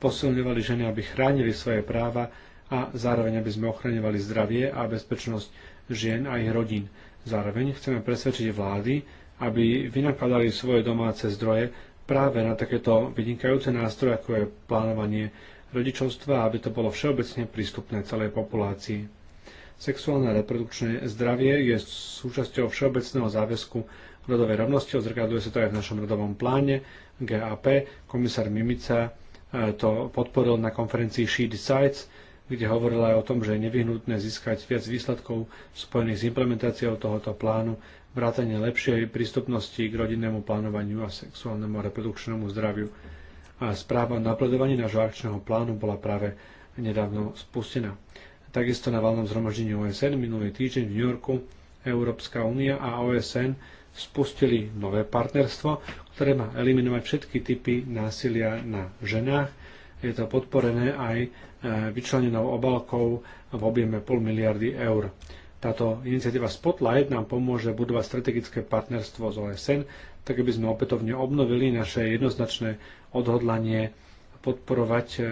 posilňovali ženy, aby chránili svoje práva a zároveň, aby sme ochraňovali zdravie a bezpečnosť žien a ich rodín. Zároveň chceme presvedčiť vlády, aby vynakladali svoje domáce zdroje práve na takéto vynikajúce nástroje, ako je plánovanie rodičovstva, aby to bolo všeobecne prístupné celej populácii. Sexuálne a reprodukčné zdravie je súčasťou všeobecného záväzku rodovej rovnosti, odzrkadľuje sa to aj v našom rodovom pláne GAP. Komisár Mimica e, to podporil na konferencii She Decides, kde hovorila aj o tom, že je nevyhnutné získať viac výsledkov spojených s implementáciou tohoto plánu, vrátane lepšej prístupnosti k rodinnému plánovaniu a sexuálnemu a reprodukčnému zdraviu správa na napredovaní nášho akčného plánu bola práve nedávno spustená. Takisto na valnom zhromaždení OSN minulý týždeň v New Yorku Európska únia a OSN spustili nové partnerstvo, ktoré má eliminovať všetky typy násilia na ženách. Je to podporené aj e, vyčlenenou obalkou v objeme pol miliardy eur. Táto iniciatíva Spotlight nám pomôže budovať strategické partnerstvo s OSN tak aby sme opätovne obnovili naše jednoznačné odhodlanie podporovať eh,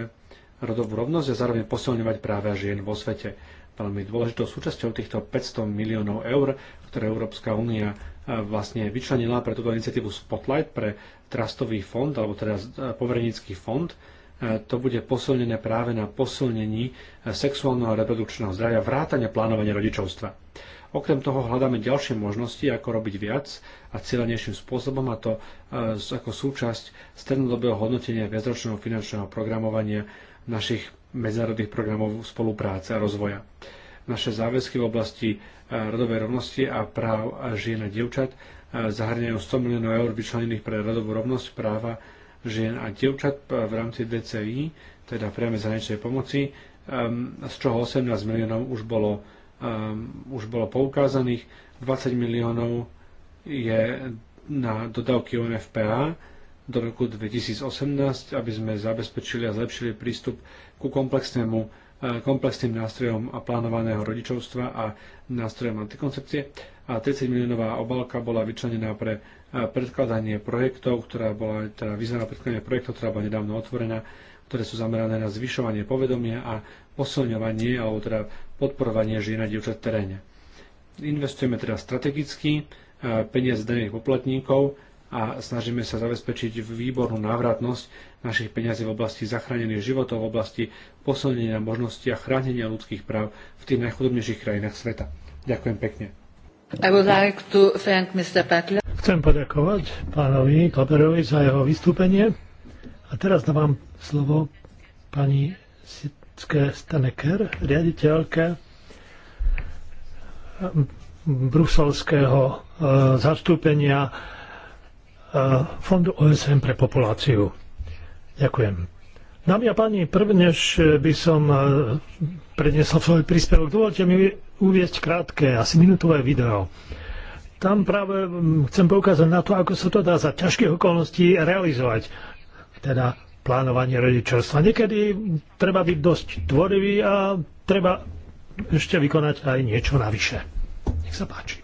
rodovú rovnosť a zároveň posilňovať práve žien vo svete. Veľmi dôležitou súčasťou týchto 500 miliónov eur, ktoré Európska únia eh, vlastne vyčlenila pre túto iniciatívu Spotlight, pre trastový fond, alebo teda eh, poverenický fond, to bude posilnené práve na posilnení sexuálneho a reprodukčného zdravia, vrátane plánovania rodičovstva. Okrem toho hľadáme ďalšie možnosti, ako robiť viac a cieľenejším spôsobom a to e, ako súčasť strednodobého hodnotenia viacročného finančného programovania našich medzinárodných programov spolupráce a rozvoja. Naše záväzky v oblasti e, rodovej rovnosti a práv žien a dievčat e, zahrňajú 100 miliónov eur vyčlenených pre rodovú rovnosť práva žien a dievčat v rámci DCI, teda priame zahraničnej pomoci, ehm, z čoho 18 miliónov už bolo Ehm, už bolo poukázaných, 20 miliónov je na dodávky UNFPA do roku 2018, aby sme zabezpečili a zlepšili prístup ku komplexnému, eh, komplexným nástrojom a plánovaného rodičovstva a nástrojom antikoncepcie. A 30 miliónová obálka bola vyčlenená pre eh, predkladanie projektov, ktorá bola teda vyzvaná predkladanie projektov, ktorá bola nedávno otvorená, ktoré sú zamerané na zvyšovanie povedomia a posilňovanie alebo teda podporovanie žien a dievčat v teréne. Investujeme teda strategicky e, peniaze daných poplatníkov a snažíme sa zabezpečiť výbornú návratnosť našich peniazí v oblasti zachránených životov, v oblasti posilnenia možností a chránenia ľudských práv v tých najchudobnejších krajinách sveta. Ďakujem pekne. I would like to thank Mr. Chcem poďakovať pánovi Klaperovi za jeho vystúpenie. A teraz dávam slovo pani Staneker, riaditeľke bruselského e, zastúpenia e, Fondu OSM pre populáciu. Ďakujem. Dámy a páni, prvnež e, by som prednesol svoj príspevok. Dovolte mi uvieť krátke, asi minútové video. Tam práve chcem poukázať na to, ako sa to dá za ťažkých okolností realizovať. Teda plánovanie rodičovstva. Niekedy treba byť dosť tvorivý a treba ešte vykonať aj niečo navyše. Nech sa páči.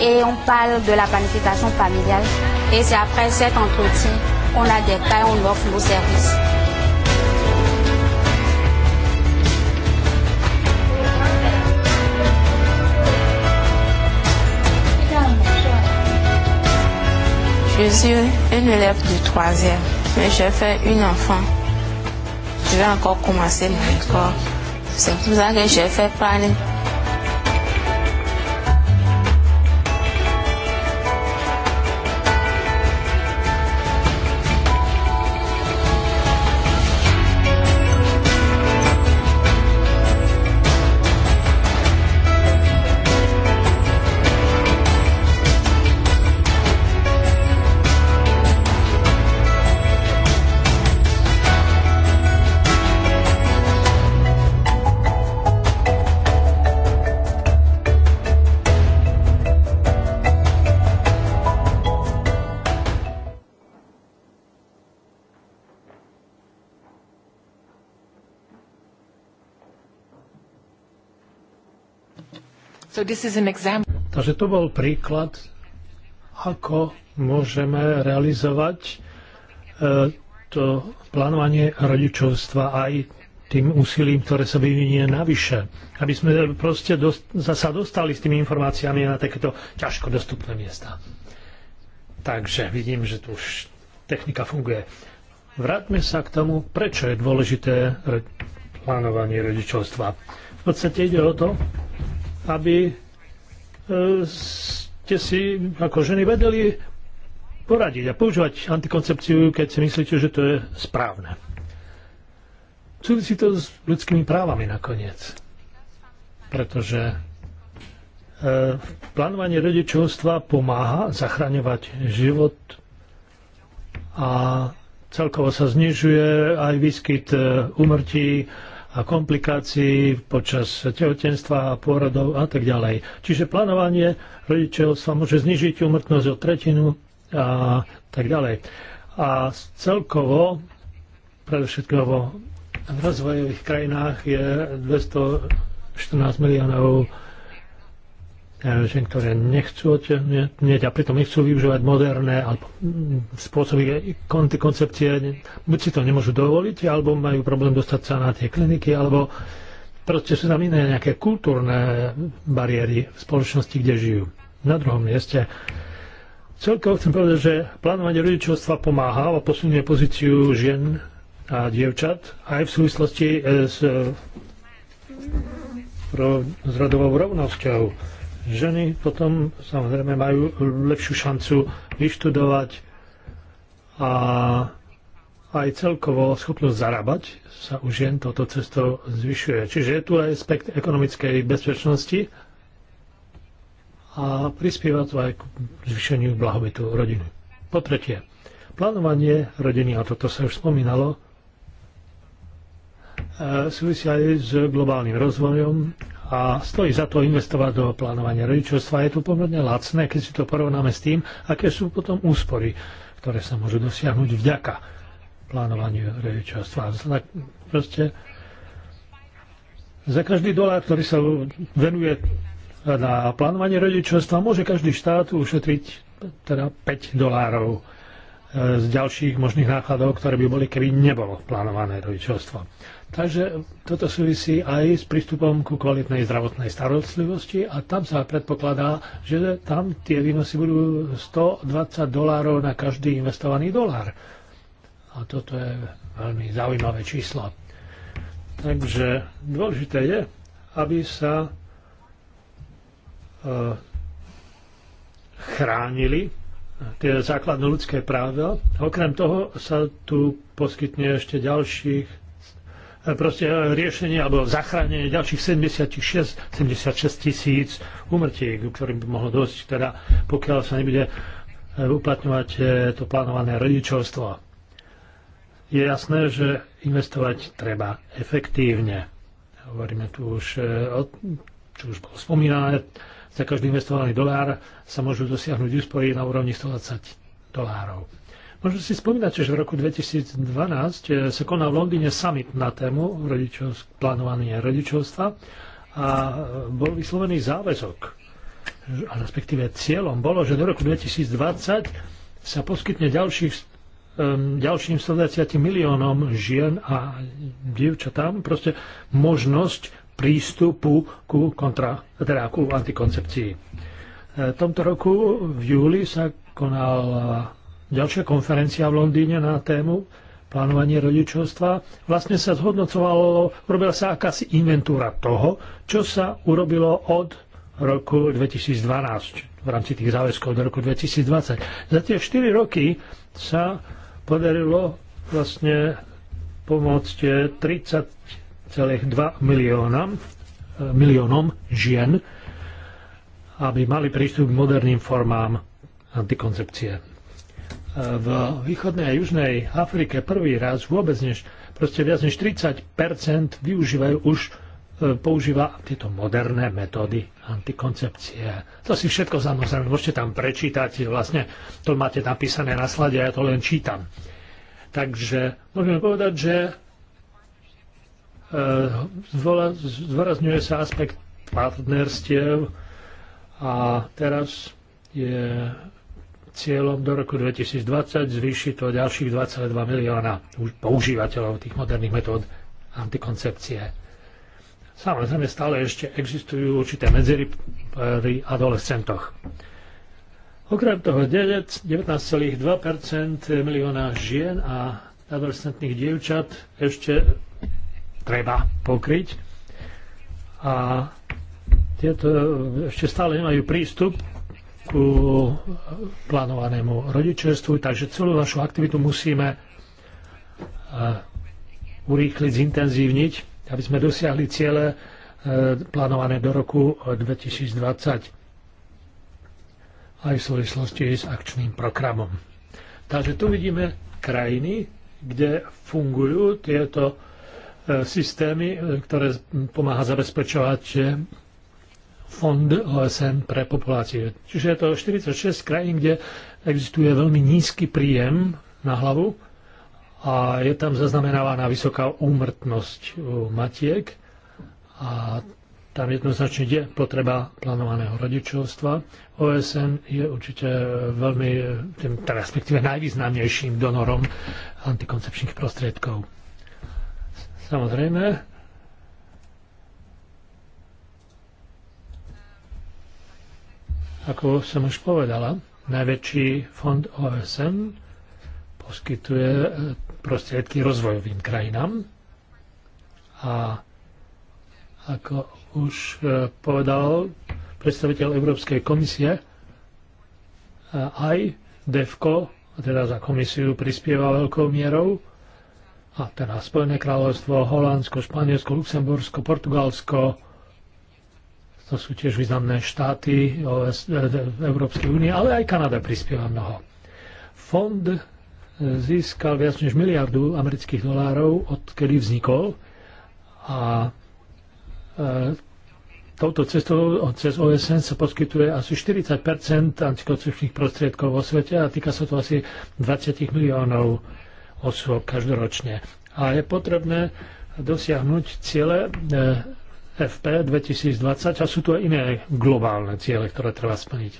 et on parle de la planification familiale. Et c'est après cet entretien qu'on a des cas et on offre nos services. Je suis une élève du troisième, mais j'ai fait une enfant. Je vais encore commencer mon école. C'est pour ça que j'ai fait parler Takže to bol príklad, ako môžeme realizovať e, to plánovanie rodičovstva aj tým úsilím, ktoré sa vyvinie navyše. Aby sme proste dost, sa dostali s tými informáciami na takéto ťažko dostupné miesta. Takže vidím, že tu už technika funguje. Vráťme sa k tomu, prečo je dôležité e, plánovanie rodičovstva. V podstate ide o to, aby e, ste si ako ženy vedeli poradiť a používať antikoncepciu, keď si myslíte, že to je správne. Súvisí to s ľudskými právami nakoniec. Pretože e, plánovanie rodičovstva pomáha zachraňovať život a celkovo sa znižuje aj výskyt e, úmrtí a komplikácií počas tehotenstva a pôrodov a tak ďalej. Čiže plánovanie rodičovstva môže znižiť umrtnosť o tretinu a tak ďalej. A celkovo, predovšetko v rozvojových krajinách je 214 miliónov E, žien, ktoré nechcú otehotnieť a pritom nechcú využívať moderné alebo spôsoby koncepcie, buď si to nemôžu dovoliť, alebo majú problém dostať sa na tie kliniky, alebo proste sú tam iné nejaké kultúrne bariéry v spoločnosti, kde žijú. Na druhom mieste celkovo chcem povedať, že plánovanie rodičovstva pomáha a posunie pozíciu žien a dievčat aj v súvislosti e, s, s rodovou rovnosťou ženy potom samozrejme majú lepšiu šancu vyštudovať a aj celkovo schopnosť zarábať sa u žien toto cestou zvyšuje. Čiže je tu aj aspekt ekonomickej bezpečnosti a prispieva to aj k zvyšeniu blahobytu rodiny. Po tretie, plánovanie rodiny, a toto sa už spomínalo, e, súvisia aj s globálnym rozvojom a stojí za to investovať do plánovania rodičovstva. Je to pomerne lacné, keď si to porovnáme s tým, aké sú potom úspory, ktoré sa môžu dosiahnuť vďaka plánovaniu rodičovstva. Proste za každý dolár, ktorý sa venuje na plánovanie rodičovstva, môže každý štát ušetriť teda 5 dolárov e, z ďalších možných nákladov, ktoré by boli, keby nebolo plánované rodičovstvo. Takže toto súvisí aj s prístupom ku kvalitnej zdravotnej starostlivosti a tam sa predpokladá, že tam tie výnosy budú 120 dolárov na každý investovaný dolár. A toto je veľmi zaujímavé číslo. Takže dôležité je, aby sa e, chránili tie základné ľudské práva. Okrem toho sa tu poskytne ešte ďalších E, proste e, riešenie alebo zachránenie ďalších 76, 76 tisíc umrtí, ktorým by mohlo dosť, teda pokiaľ sa nebude e, uplatňovať to plánované rodičovstvo. Je jasné, že investovať treba efektívne. Hovoríme tu už, čo už bolo spomínané, za každý investovaný dolár sa môžu dosiahnuť úspory na úrovni 120 dolárov. Možno si spomínať, že v roku 2012 eh, sa konal v Londýne summit na tému rodičovsk- plánovania rodičovstva a eh, bol vyslovený záväzok, a respektíve cieľom bolo, že do roku 2020 sa poskytne ďalších ďalším 120 miliónom žien a dievčatám proste možnosť prístupu ku, kontra, teda ku antikoncepcii. Eh, v tomto roku v júli sa konala ďalšia konferencia v Londýne na tému plánovanie rodičovstva. Vlastne sa zhodnocovalo, robila sa akási inventúra toho, čo sa urobilo od roku 2012 v rámci tých záväzkov do roku 2020. Za tie 4 roky sa podarilo vlastne pomôcť 30,2 milióna, miliónom žien, aby mali prístup k moderným formám antikoncepcie v východnej a južnej Afrike prvý raz vôbec než proste viac než 30 využívajú už e, používa tieto moderné metódy antikoncepcie. To si všetko samozrejme môžete tam prečítať, vlastne to máte napísané na slade, ja to len čítam. Takže môžeme povedať, že e, zvorazňuje sa aspekt partnerstiev a teraz je cieľom do roku 2020 zvýšiť to ďalších 22 milióna používateľov tých moderných metód antikoncepcie. Samozrejme, stále ešte existujú určité medzery pri adolescentoch. Okrem toho 19,2 milióna žien a adolescentných dievčat ešte treba pokryť a tieto ešte stále nemajú prístup ku plánovanému rodičerstvu, takže celú našu aktivitu musíme eh, urýchliť, zintenzívniť, aby sme dosiahli ciele eh, plánované do roku 2020 aj v súvislosti s akčným programom. Takže tu vidíme krajiny, kde fungujú tieto eh, systémy, ktoré pomáha zabezpečovať fond OSN pre populáciu. Čiže je to 46 krajín, kde existuje veľmi nízky príjem na hlavu a je tam zaznamenávaná vysoká úmrtnosť matiek a tam jednoznačne je potreba plánovaného rodičovstva. OSN je určite veľmi, tým, teda respektíve najvýznamnejším donorom antikoncepčných prostriedkov. Samozrejme, Ako som už povedala, najväčší fond OSN poskytuje e, prostriedky rozvojovým krajinám a ako už e, povedal predstaviteľ Európskej komisie, e, aj DEFCO, teda za komisiu, prispieva veľkou mierou a teda Spojené kráľovstvo, Holandsko, Španielsko, Luxembursko, Portugalsko, to sú tiež významné štáty v e- e- e- Európskej únie, ale aj Kanada prispieva mnoho. Fond získal viac než miliardu amerických dolárov, odkedy vznikol a e, touto cestou cez OSN sa poskytuje asi 40 antikoncepčných prostriedkov vo svete a týka sa to asi 20 miliónov osôb každoročne. A je potrebné dosiahnuť ciele e, FP 2020 a sú tu aj iné globálne ciele, ktoré treba splniť.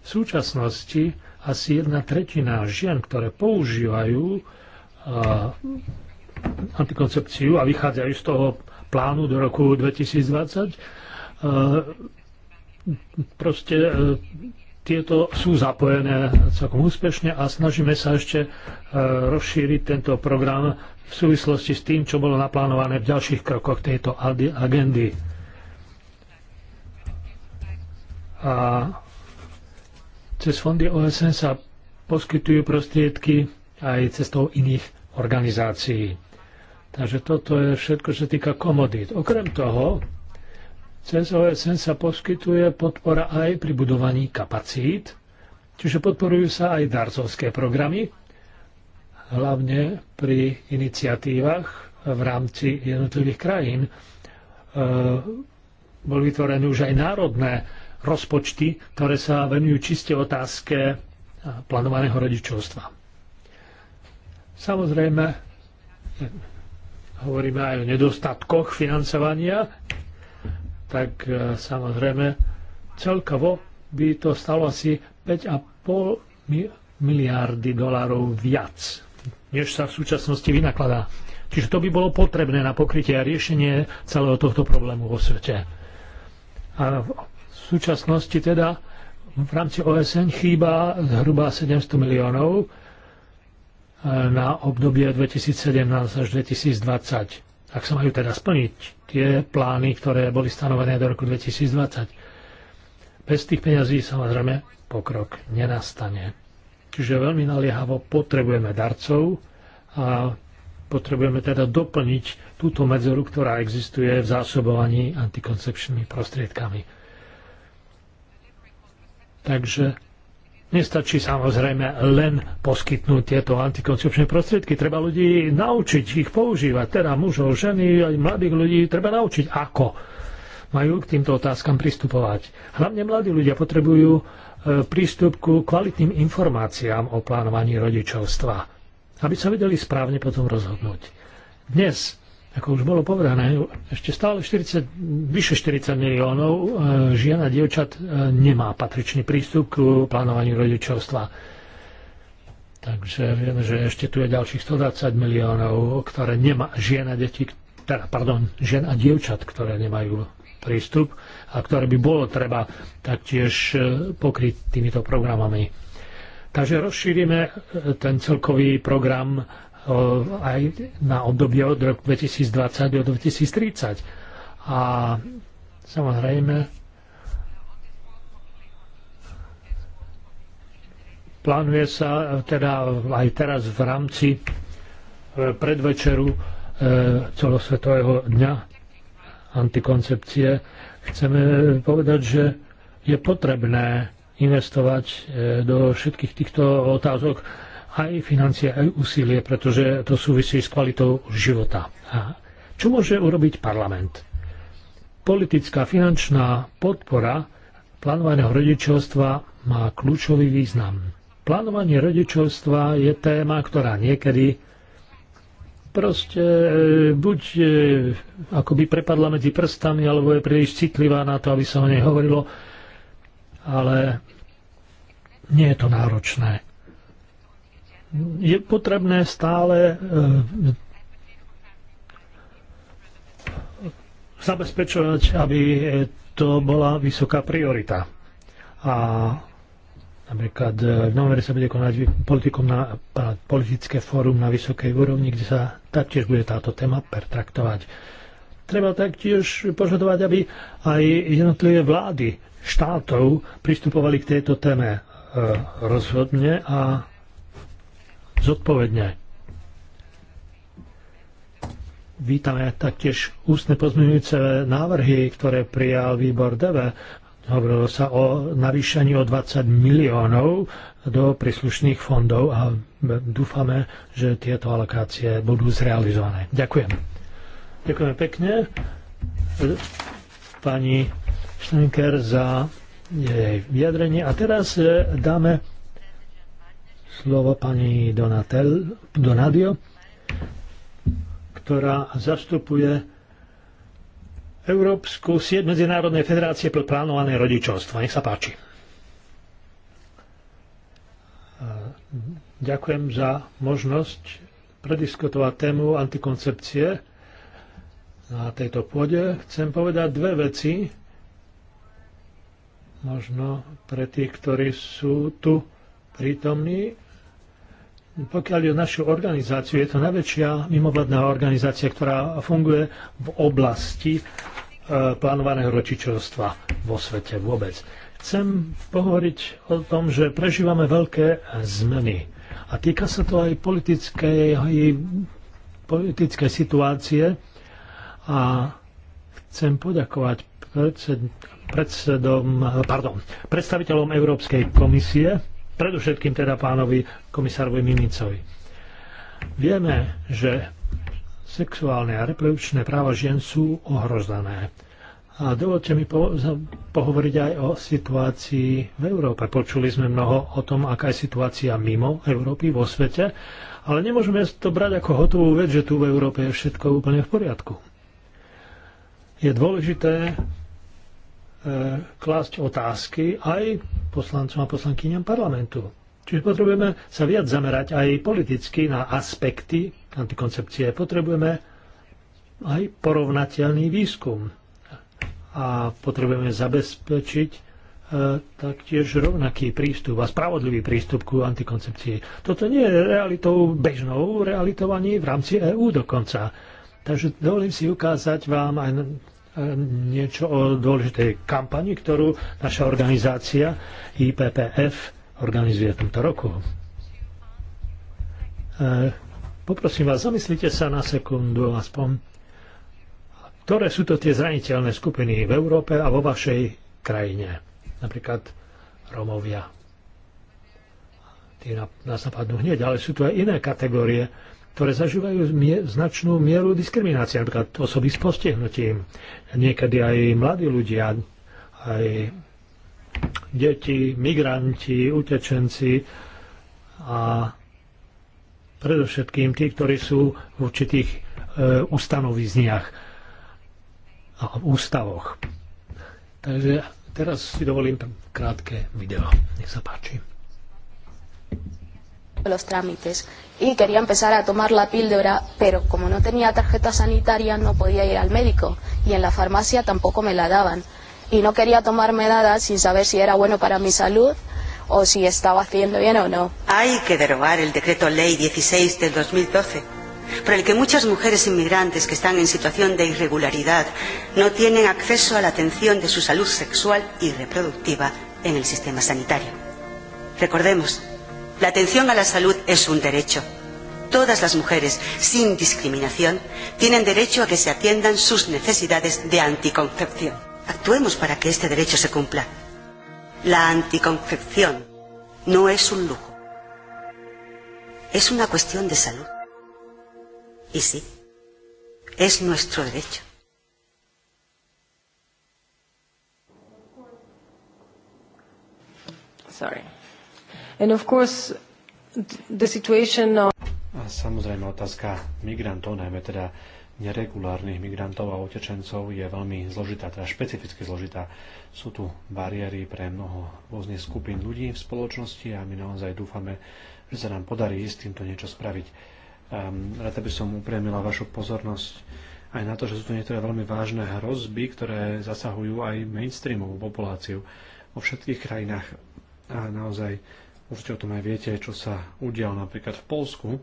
V súčasnosti asi jedna tretina žien, ktoré používajú a, eh, antikoncepciu a vychádzajú z toho plánu do roku 2020, a, eh, proste a, eh, tieto sú zapojené celkom úspešne a snažíme sa ešte rozšíriť tento program v súvislosti s tým, čo bolo naplánované v ďalších krokoch tejto agendy. A cez fondy OSN sa poskytujú prostriedky aj cestou iných organizácií. Takže toto je všetko, čo sa týka komodít. Okrem toho, cez OSN sa poskytuje podpora aj pri budovaní kapacít, čiže podporujú sa aj darcovské programy, hlavne pri iniciatívach v rámci jednotlivých krajín. E, boli vytvorené už aj národné rozpočty, ktoré sa venujú čiste otázke plánovaného rodičovstva. Samozrejme, hovoríme aj o nedostatkoch financovania, tak e, samozrejme celkovo by to stalo asi 5,5 miliardy dolárov viac než sa v súčasnosti vynakladá. Čiže to by bolo potrebné na pokrytie a riešenie celého tohto problému vo svete. A v súčasnosti teda v rámci OSN chýba zhruba 700 miliónov e, na obdobie 2017 až 2020. Ak sa majú teda splniť tie plány, ktoré boli stanovené do roku 2020. Bez tých peňazí samozrejme pokrok nenastane. Čiže veľmi naliehavo potrebujeme darcov a potrebujeme teda doplniť túto medzeru, ktorá existuje v zásobovaní antikoncepčnými prostriedkami. Takže nestačí samozrejme len poskytnúť tieto antikoncepčné prostriedky. Treba ľudí naučiť ich používať, teda mužov, ženy, aj mladých ľudí treba naučiť ako majú k týmto otázkam pristupovať. Hlavne mladí ľudia potrebujú prístup ku kvalitným informáciám o plánovaní rodičovstva, aby sa vedeli správne potom rozhodnúť. Dnes, ako už bolo povedané, ešte stále 40, vyše 40 miliónov e, žien a dievčat e, nemá patričný prístup k plánovaniu rodičovstva. Takže viem, že ešte tu je ďalších 120 miliónov, ktoré nemá žien a deti, teda, pardon, žien a dievčat, ktoré nemajú prístup a ktoré by bolo treba taktiež e, pokryť týmito programami. Takže rozšírime e, ten celkový program e, aj na obdobie od roku 2020 do 2030. A samozrejme plánuje sa teda aj teraz v rámci predvečeru celosvetového dňa antikoncepcie Chceme povedať, že je potrebné investovať e, do všetkých týchto otázok aj financie, aj úsilie, pretože to súvisí s kvalitou života. A čo môže urobiť parlament? Politická finančná podpora plánovaného rodičovstva má kľúčový význam. Plánovanie rodičovstva je téma, ktorá niekedy proste e, buď e, akoby prepadla medzi prstami, alebo je príliš citlivá na to, aby sa o nej hovorilo, ale nie je to náročné. Je potrebné stále e, zabezpečovať, aby to bola vysoká priorita. A Napríklad e, v novembri sa bude konať politikom na, politické fórum na vysokej úrovni, kde sa taktiež bude táto téma pertraktovať. Treba taktiež požadovať, aby aj jednotlivé vlády štátov pristupovali k tejto téme e, rozhodne a zodpovedne. Vítame taktiež ústne pozmeňujúce návrhy, ktoré prijal výbor DV Hovorilo sa o navýšení o 20 miliónov do príslušných fondov a dúfame, že tieto alokácie budú zrealizované. Ďakujem. Ďakujeme pekne pani Štenker za jej vyjadrenie. A teraz eh, dáme slovo pani Donatel, Donadio, ktorá zastupuje Európsku sieť Medzinárodnej federácie pre plánované rodičovstvo. Nech sa páči. E, ďakujem za možnosť prediskutovať tému antikoncepcie na tejto pôde. Chcem povedať dve veci, možno pre tých, ktorí sú tu prítomní. Pokiaľ je našu organizáciu, je to najväčšia mimovládna organizácia, ktorá funguje v oblasti E, plánovaného ročičovstva vo svete vôbec. Chcem pohovoriť o tom, že prežívame veľké zmeny. A týka sa to aj politickej, aj politickej situácie. A chcem poďakovať predsed, predsedom, pardon, predstaviteľom Európskej komisie, predovšetkým teda pánovi komisárovi Mimicovi. Vieme, že sexuálne a reprodukčné práva žien sú ohrozené. A dovolte mi po, za, pohovoriť aj o situácii v Európe. Počuli sme mnoho o tom, aká je situácia mimo Európy, vo svete, ale nemôžeme to brať ako hotovú vec, že tu v Európe je všetko úplne v poriadku. Je dôležité e, klásť otázky aj poslancom a poslankyňam parlamentu. Čiže potrebujeme sa viac zamerať aj politicky na aspekty antikoncepcie. Potrebujeme aj porovnateľný výskum a potrebujeme zabezpečiť e, taktiež rovnaký prístup a spravodlivý prístup ku antikoncepcii. Toto nie je realitou bežnou, realitou ani v rámci EÚ dokonca. Takže dovolím si ukázať vám aj niečo o dôležitej kampani, ktorú naša organizácia IPPF organizuje v tomto roku. E, Poprosím vás, zamyslite sa na sekundu aspoň, ktoré sú to tie zraniteľné skupiny v Európe a vo vašej krajine. Napríklad Romovia. Tí nás napadnú hneď, ale sú tu aj iné kategórie, ktoré zažívajú značnú mieru diskriminácie, napríklad osoby s postihnutím, niekedy aj mladí ľudia, aj deti, migranti, utečenci a predovšetkým tí, ktorí sú v určitých e, ustanovizniach a v ústavoch. Takže teraz si dovolím tam krátke video. Nech sa páči. los trámites y quería empezar a tomar la píldora, pero como no tenía tarjeta sanitaria no podía ir al médico y en la farmacia tampoco me la daban y no quería tomarme nada sin saber si era bueno para mi salud o si estaba haciendo bien o no. Hay que derogar el decreto ley 16 del 2012, por el que muchas mujeres inmigrantes que están en situación de irregularidad no tienen acceso a la atención de su salud sexual y reproductiva en el sistema sanitario. Recordemos, la atención a la salud es un derecho. Todas las mujeres, sin discriminación, tienen derecho a que se atiendan sus necesidades de anticoncepción. Actuemos para que este derecho se cumpla La anticoncepción no es un lujo. Es una cuestión de salud. Y sí, es nuestro derecho. Sorry. And of course, the situation of... A samozrejme otázka migrantov, najmä teda neregulárnych migrantov a utečencov je veľmi zložitá, teda špecificky zložitá. Sú tu bariéry pre mnoho rôznych skupín ľudí v spoločnosti a my naozaj dúfame, že sa nám podarí s týmto niečo spraviť. Um, rada by som upriemila vašu pozornosť aj na to, že sú tu niektoré veľmi vážne hrozby, ktoré zasahujú aj mainstreamovú populáciu vo všetkých krajinách. A naozaj Určite o tom aj viete, čo sa udialo napríklad v Polsku,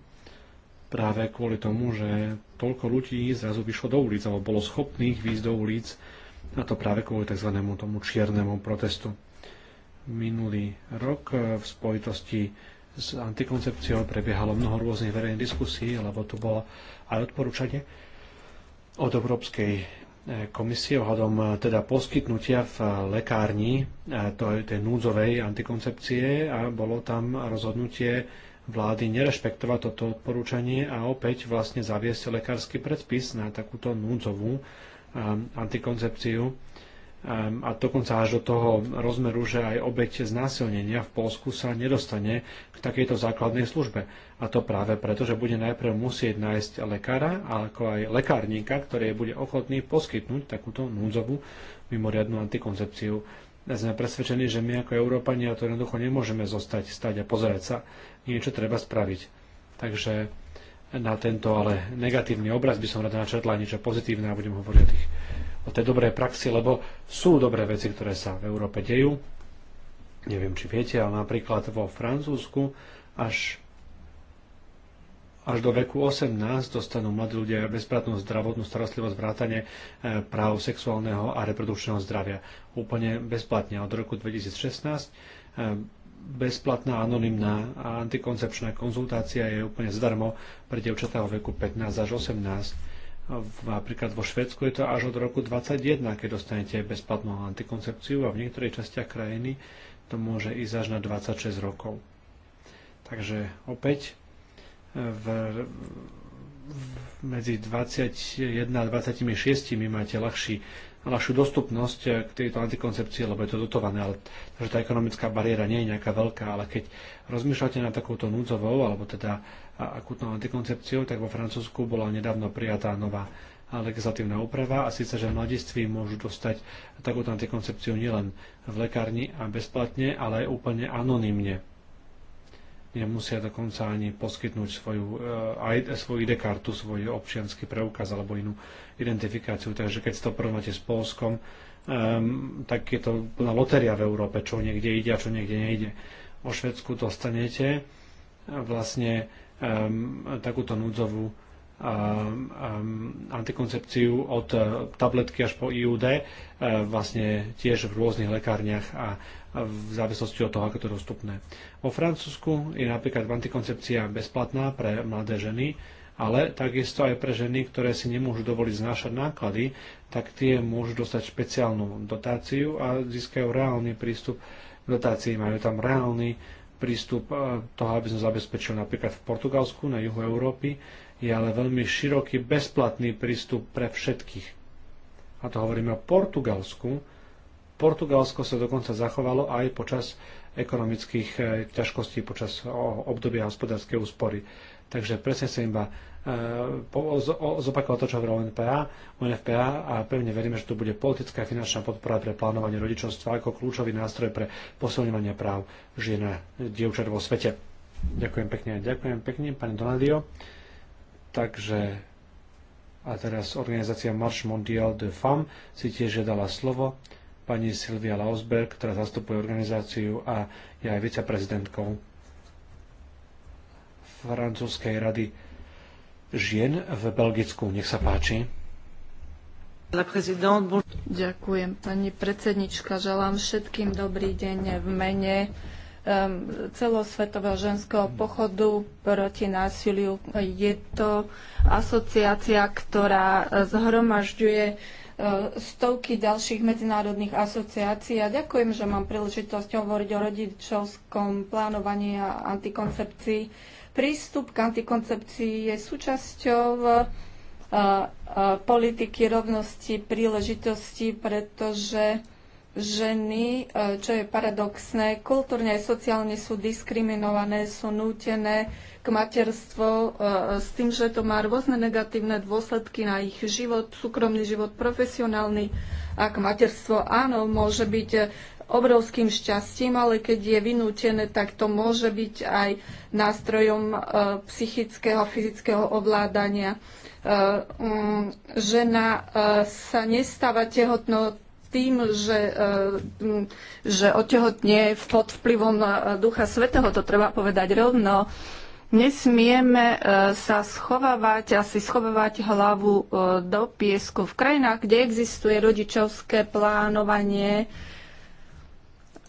práve kvôli tomu, že toľko ľudí zrazu vyšlo do ulic alebo bolo schopných výjsť do ulic a to práve kvôli tzv. tomu čiernemu protestu. Minulý rok v spojitosti s antikoncepciou prebiehalo mnoho rôznych verejných diskusí, lebo tu bolo aj odporúčanie od Európskej eh, komisie ohľadom eh, teda poskytnutia v eh, lekárni tej núdzovej antikoncepcie a bolo tam rozhodnutie vlády nerešpektovať toto odporúčanie a opäť vlastne zaviesť lekársky predpis na takúto núdzovú um, antikoncepciu um, a dokonca až do toho rozmeru, že aj obeď znásilnenia v Polsku sa nedostane k takejto základnej službe. A to práve preto, že bude najprv musieť nájsť lekára, ako aj lekárníka, ktorý bude ochotný poskytnúť takúto núdzovú mimoriadnú antikoncepciu. Ja sme presvedčení, že my ako Európania to jednoducho nemôžeme zostať stať a pozerať sa niečo treba spraviť. Takže na tento ale negatívny obraz by som rada načetla niečo pozitívne a budem hovoriť o, tých, o tej dobrej praxi, lebo sú dobré veci, ktoré sa v Európe dejú. Neviem, či viete, ale napríklad vo Francúzsku až až do veku 18 dostanú mladí ľudia bezplatnú zdravotnú starostlivosť vrátane e, práv sexuálneho a reprodukčného zdravia. Úplne bezplatne. Od roku 2016 bezplatná anonimná a antikoncepčná konzultácia je úplne zdarmo pre dievčatá vo veku 15 až 18. Napríklad vo Švedsku je to až od roku 21, keď dostanete bezplatnú antikoncepciu a v niektorých častiach krajiny to môže ísť až na 26 rokov. Takže opäť eh, v, medzi 21 a 26 máte ľahší našu dostupnosť eh, k tejto antikoncepcii, lebo je to dotované. Ale, takže tá ekonomická bariéra nie je nejaká veľká, ale keď rozmýšľate na takouto núdzovou alebo teda akutnou antikoncepciou, tak vo Francúzsku bola nedávno prijatá nová legislatívna úprava a síce, že mladiství môžu dostať takúto antikoncepciu nielen v lekárni a bezplatne, ale aj úplne anonymne nemusia dokonca ani poskytnúť svoju, eh, aj svoju ID kartu, svoj občianský preukaz alebo inú identifikáciu. Takže keď to porovnáte s Polskom, um, tak je to plná lotéria v Európe, čo niekde ide a čo niekde nejde. O Švedsku dostanete eh, vlastne um, takúto núdzovú Ehm, ehm, antikoncepciu od eh, tabletky až po IUD eh, vlastne tiež v rôznych lekárniach a v závislosti od toho, ako to je dostupné. Vo Francúzsku je napríklad antikoncepcia bezplatná pre mladé ženy, ale takisto aj pre ženy, ktoré si nemôžu dovoliť znášať náklady, tak tie môžu dostať špeciálnu dotáciu a získajú reálny prístup k dotácii. Majú tam reálny prístup eh, toho, aby sme zabezpečili napríklad v Portugalsku, na juhu Európy, je ale veľmi široký bezplatný prístup pre všetkých. A to hovoríme o Portugalsku. Portugalsko sa dokonca zachovalo aj počas ekonomických eh, ťažkostí, počas eh, obdobia hospodárskej úspory. Takže presne sa iba eh, zopakovať to, čo hovoril NPA, UNFPA a pevne veríme, že to bude politická a finančná podpora pre plánovanie rodičovstva ako kľúčový nástroj pre posilňovanie práv žien a dievčat vo svete. Ďakujem pekne, ďakujem pekne, pani Donadio. Takže a teraz organizácia Marche Mondial de Femme si tiež dala slovo. Pani Silvia Lausberg, ktorá zastupuje organizáciu a je aj viceprezidentkou Francúzskej rady žien v Belgicku. Nech sa páči. Ďakujem, pani predsednička. Želám všetkým dobrý deň v mene celosvetového ženského pochodu proti násiliu. Je to asociácia, ktorá eh, zhromažďuje eh, stovky ďalších medzinárodných asociácií. A ďakujem, že mám príležitosť hovoriť o rodičovskom plánovaní a antikoncepcii. Prístup k antikoncepcii je súčasťou eh, politiky rovnosti príležitosti, pretože ženy, e, čo je paradoxné, kultúrne aj sociálne sú diskriminované, sú nútené k materstvu e, s tým, že to má rôzne negatívne dôsledky na ich život, súkromný život, profesionálny. A k materstvo áno, môže byť e, obrovským šťastím, ale keď je vynútené, tak to môže byť aj nástrojom psychického a fyzického ovládania mm, žena sa nestáva tehotnou tým, že, eh, že otehotne pod vplyvom eh, Ducha Svetého, to treba povedať rovno, nesmieme eh, sa schovávať, asi schovávať hlavu do piesku. V krajinách, kde existuje rodičovské plánovanie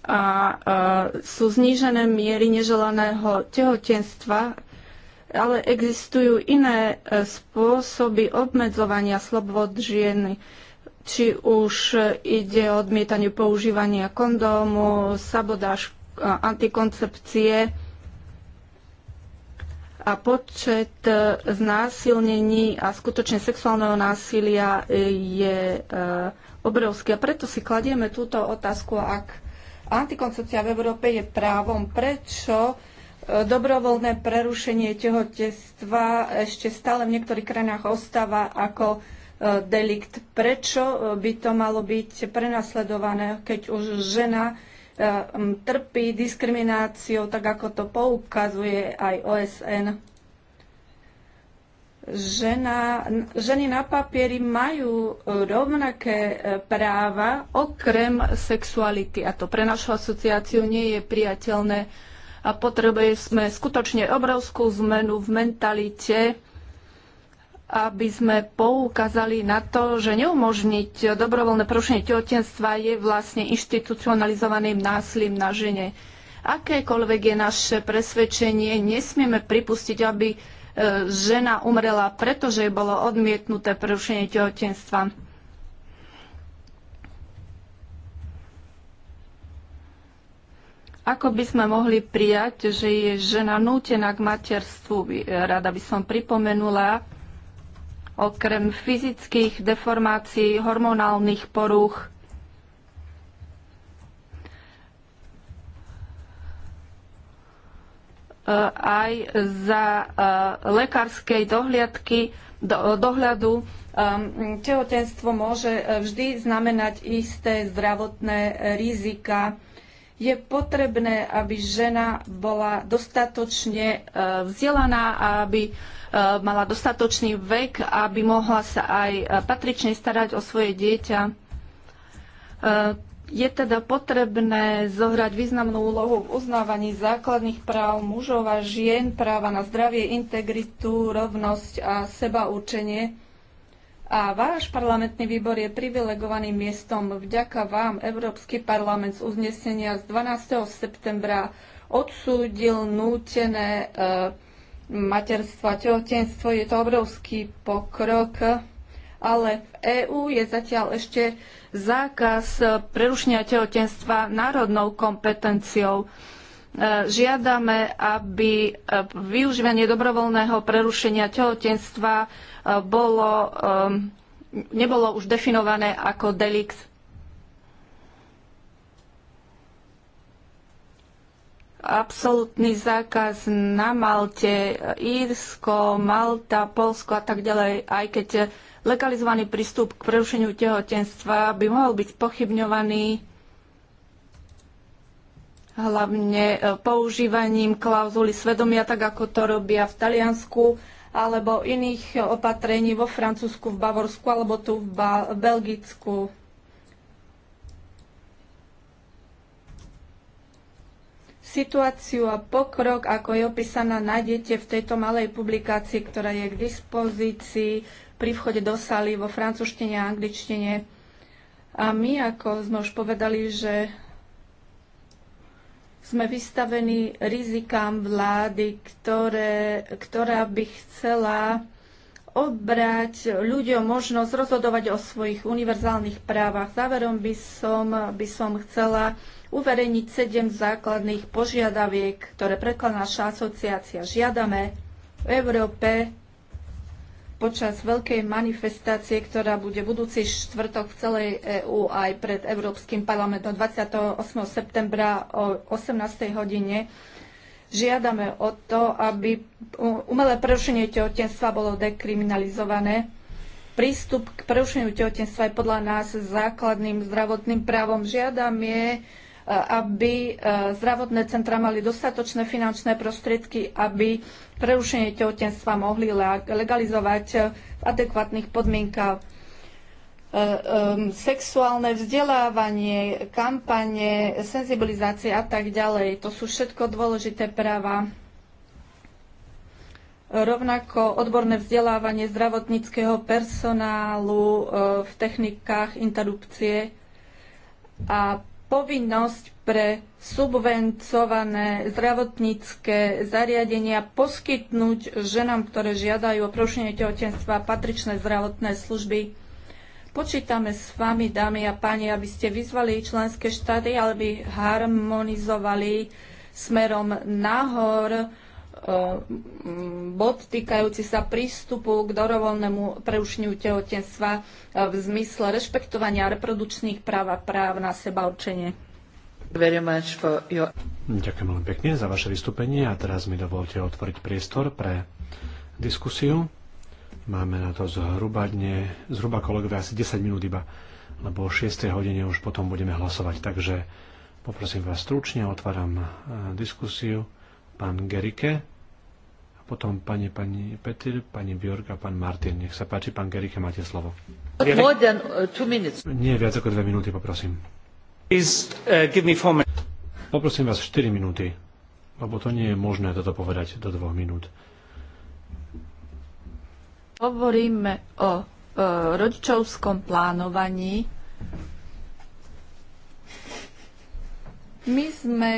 a sú znížené miery neželaného tehotenstva, ale existujú iné spôsoby obmedzovania slobod žieny či už ide o odmietanie používania kondómu, sabodáž antikoncepcie a počet e, znásilnení a skutočne sexuálneho násilia e, je e, obrovský. A preto si kladieme túto otázku, ak antikoncepcia v Európe je právom, prečo dobrovoľné prerušenie tehotenstva ešte stále v niektorých krajinách ostáva ako delikt. Prečo eh, by to malo byť prenasledované, keď už žena eh, trpí diskrimináciou, tak ako to poukazuje aj OSN. Žena, ženy na papieri majú rovnaké eh, práva okrem sexuality a to pre našu asociáciu nie je priateľné a potrebujeme skutočne obrovskú zmenu v mentalite aby sme poukázali na to, že neumožniť dobrovoľné porušenie tehotenstva je vlastne inštitucionalizovaným násilím na žene. Akékoľvek je naše presvedčenie, nesmieme pripustiť, aby e, žena umrela, pretože jej bolo odmietnuté prerušenie tehotenstva. Ako by sme mohli prijať, že je žena nútená k materstvu? Rada by som pripomenula, okrem fyzických deformácií, hormonálnych porúch, e, aj za e, lekárskej dohliadky, do, dohľadu. E, tehotenstvo môže vždy znamenať isté zdravotné rizika je potrebné, aby žena bola dostatočne e, vzdelaná a aby e, mala dostatočný vek, aby mohla sa aj e, patrične starať o svoje dieťa. Je teda potrebné zohrať významnú úlohu v uznávaní základných práv mužov a žien, práva na zdravie, integritu, rovnosť a určenie. A váš parlamentný výbor je privilegovaným miestom. Vďaka vám Európsky parlament z uznesenia z 12. septembra odsúdil nútené e, materstvo a tehotenstvo. Je to obrovský pokrok, ale v EÚ je zatiaľ ešte zákaz prerušenia tehotenstva národnou kompetenciou. E, žiadame, aby e, využívanie dobrovoľného prerušenia tehotenstva e, bolo, nebolo už definované ako delikt. Absolutný zákaz na Malte, Írsko, Malta, Polsko a tak ďalej, aj keď legalizovaný prístup k prerušeniu tehotenstva by mohol byť pochybňovaný hlavne e, používaním klauzuly svedomia, tak ako to robia v Taliansku alebo iných opatrení vo Francúzsku, v Bavorsku alebo tu v ba- Belgicku. Situáciu a pokrok, ako je opísaná, nájdete v tejto malej publikácii, ktorá je k dispozícii pri vchode do sály vo francúzštine a angličtine. A my, ako sme už povedali, že sme vystavení rizikám vlády, ktoré, ktorá by chcela obrať ľuďom možnosť rozhodovať o svojich univerzálnych právach. Záverom by som, by som chcela uverejniť sedem základných požiadaviek, ktoré prekladá naša asociácia. Žiadame v Európe počas veľkej manifestácie, ktorá bude budúci štvrtok v celej EÚ aj pred Európskym parlamentom 28. septembra o 18. hodine. Žiadame o to, aby umelé prerušenie tehotenstva bolo dekriminalizované. Prístup k prerušeniu tehotenstva je podľa nás základným zdravotným právom. Žiadame Eh, aby eh, zdravotné centra mali dostatočné finančné prostriedky, aby prerušenie tehotenstva mohli legalizovať eh, v adekvátnych podmienkach. Sexuálne vzdelávanie, kampanie, senzibilizácie a tak ďalej. To sú všetko dôležité práva. Rovnako odborné vzdelávanie zdravotníckého personálu v technikách interrupcie a povinnosť pre subvencované zdravotnícke zariadenia poskytnúť ženám, ktoré žiadajú o prerušenie tehotenstva patričné zdravotné služby. Počítame s vami, dámy a páni, aby ste vyzvali členské štáty, aby harmonizovali smerom nahor E, bod týkajúci sa prístupu k dobrovoľnému preušňu tehotenstva e, v zmysle rešpektovania reprodukčných práv a práv na seba určenie. Ďakujem veľmi pekne za vaše vystúpenie a teraz mi dovolte otvoriť priestor pre diskusiu. Máme na to zhruba, dne, zhruba kolegovia asi 10 minút iba, lebo o 6. hodine už potom budeme hlasovať. Takže poprosím vás stručne, otváram e, diskusiu pán Gerike a potom pani, pani Petr, pani Bjork a pán Martin. Nech sa páči, pán Gerike, máte slovo. Uh, nie, viac ako dve minúty, poprosím. Uh, poprosím vás 4 minúty, lebo to nie je možné toto povedať do dvoch minút. Hovoríme o e, rodičovskom plánovaní. My sme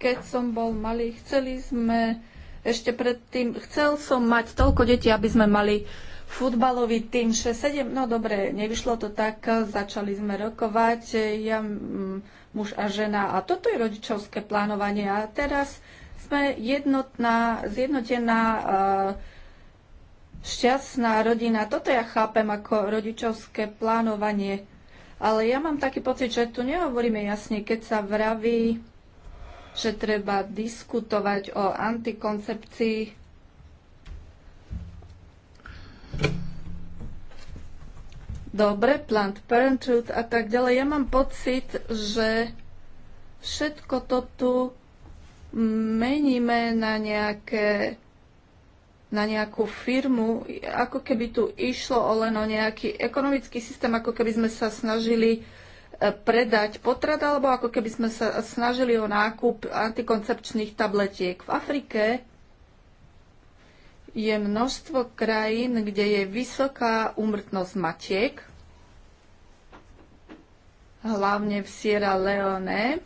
keď som bol malý, chceli sme ešte predtým, chcel som mať toľko detí, aby sme mali futbalový tým 6-7. No dobre, nevyšlo to tak, začali sme rokovať, ja, muž a žena. A toto je rodičovské plánovanie. A teraz sme jednotná, zjednotená, e, šťastná rodina. Toto ja chápem ako rodičovské plánovanie. Ale ja mám taký pocit, že tu nehovoríme jasne, keď sa vraví, že treba diskutovať o antikoncepcii. Dobre, Plant Parenthood a tak ďalej. Ja mám pocit, že všetko to tu meníme na, nejaké, na nejakú firmu, ako keby tu išlo o len o nejaký ekonomický systém, ako keby sme sa snažili predať potrat, alebo ako keby sme sa snažili o nákup antikoncepčných tabletiek. V Afrike je množstvo krajín, kde je vysoká úmrtnosť matiek, hlavne v Sierra Leone.